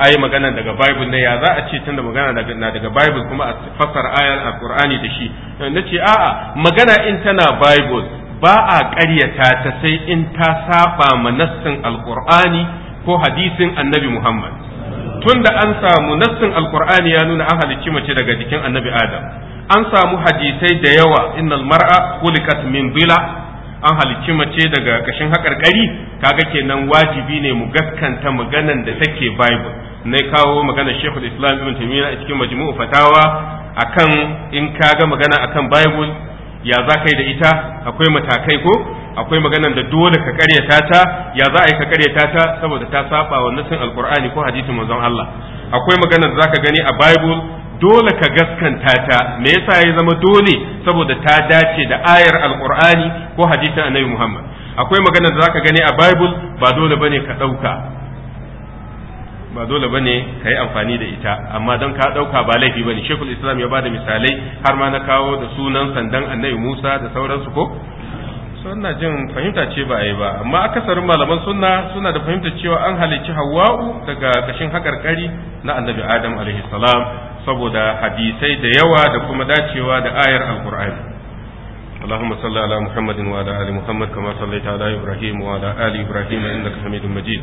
[SPEAKER 2] ai magana daga bible ne ya za a ce tunda magana na daga bible kuma a fassara ayar alqur'ani da shi eh, nace a'a magana in tana bible ba a ƙaryata ta sai in ta saba ma nassin alqur'ani ko hadisin annabi muhammad tunda an samu nassin alqur'ani ya nuna an halicci mace daga jikin annabi adam an samu hadisai da yawa innal mar'a khuliqat min bila. an halicci mace daga kashin haƙarƙari kaga kenan wajibi ne mu gaskanta maganan da take bible na kawo magana shekul islam ibn taimiyya a cikin majmu'u fatawa akan in ka ga magana akan bible ya za ka yi da ita akwai matakai ko akwai maganar da dole ka karyata ta ya za a yi ka karyata ta saboda ta saba wa nasin alkur'ani ko hadisin manzon Allah akwai maganar da zaka gani a bible dole ka gaskanta ta me yasa ya zama dole saboda ta dace da ayar alkur'ani ko hadisin annabi Muhammad akwai maganar da zaka gani a bible ba dole bane ka dauka ba dole bane ka yi amfani da ita amma don ka ɗauka ba laifi bane shekul islam ya bada misalai har ma na kawo da sunan sandan annabi musa da sauransu ko sunna jin fahimta ce ba a yi ba amma akasarin malaman sunna suna da fahimta cewa an halicci hawa'u daga kashin haƙarƙari na annabi adam alaihi salam saboda hadisai da yawa da kuma dacewa da ayar alƙur'ani اللهم صل على محمد وعلى ال محمد كما صليت على ابراهيم وعلى ال ابراهيم انك حميد مجيد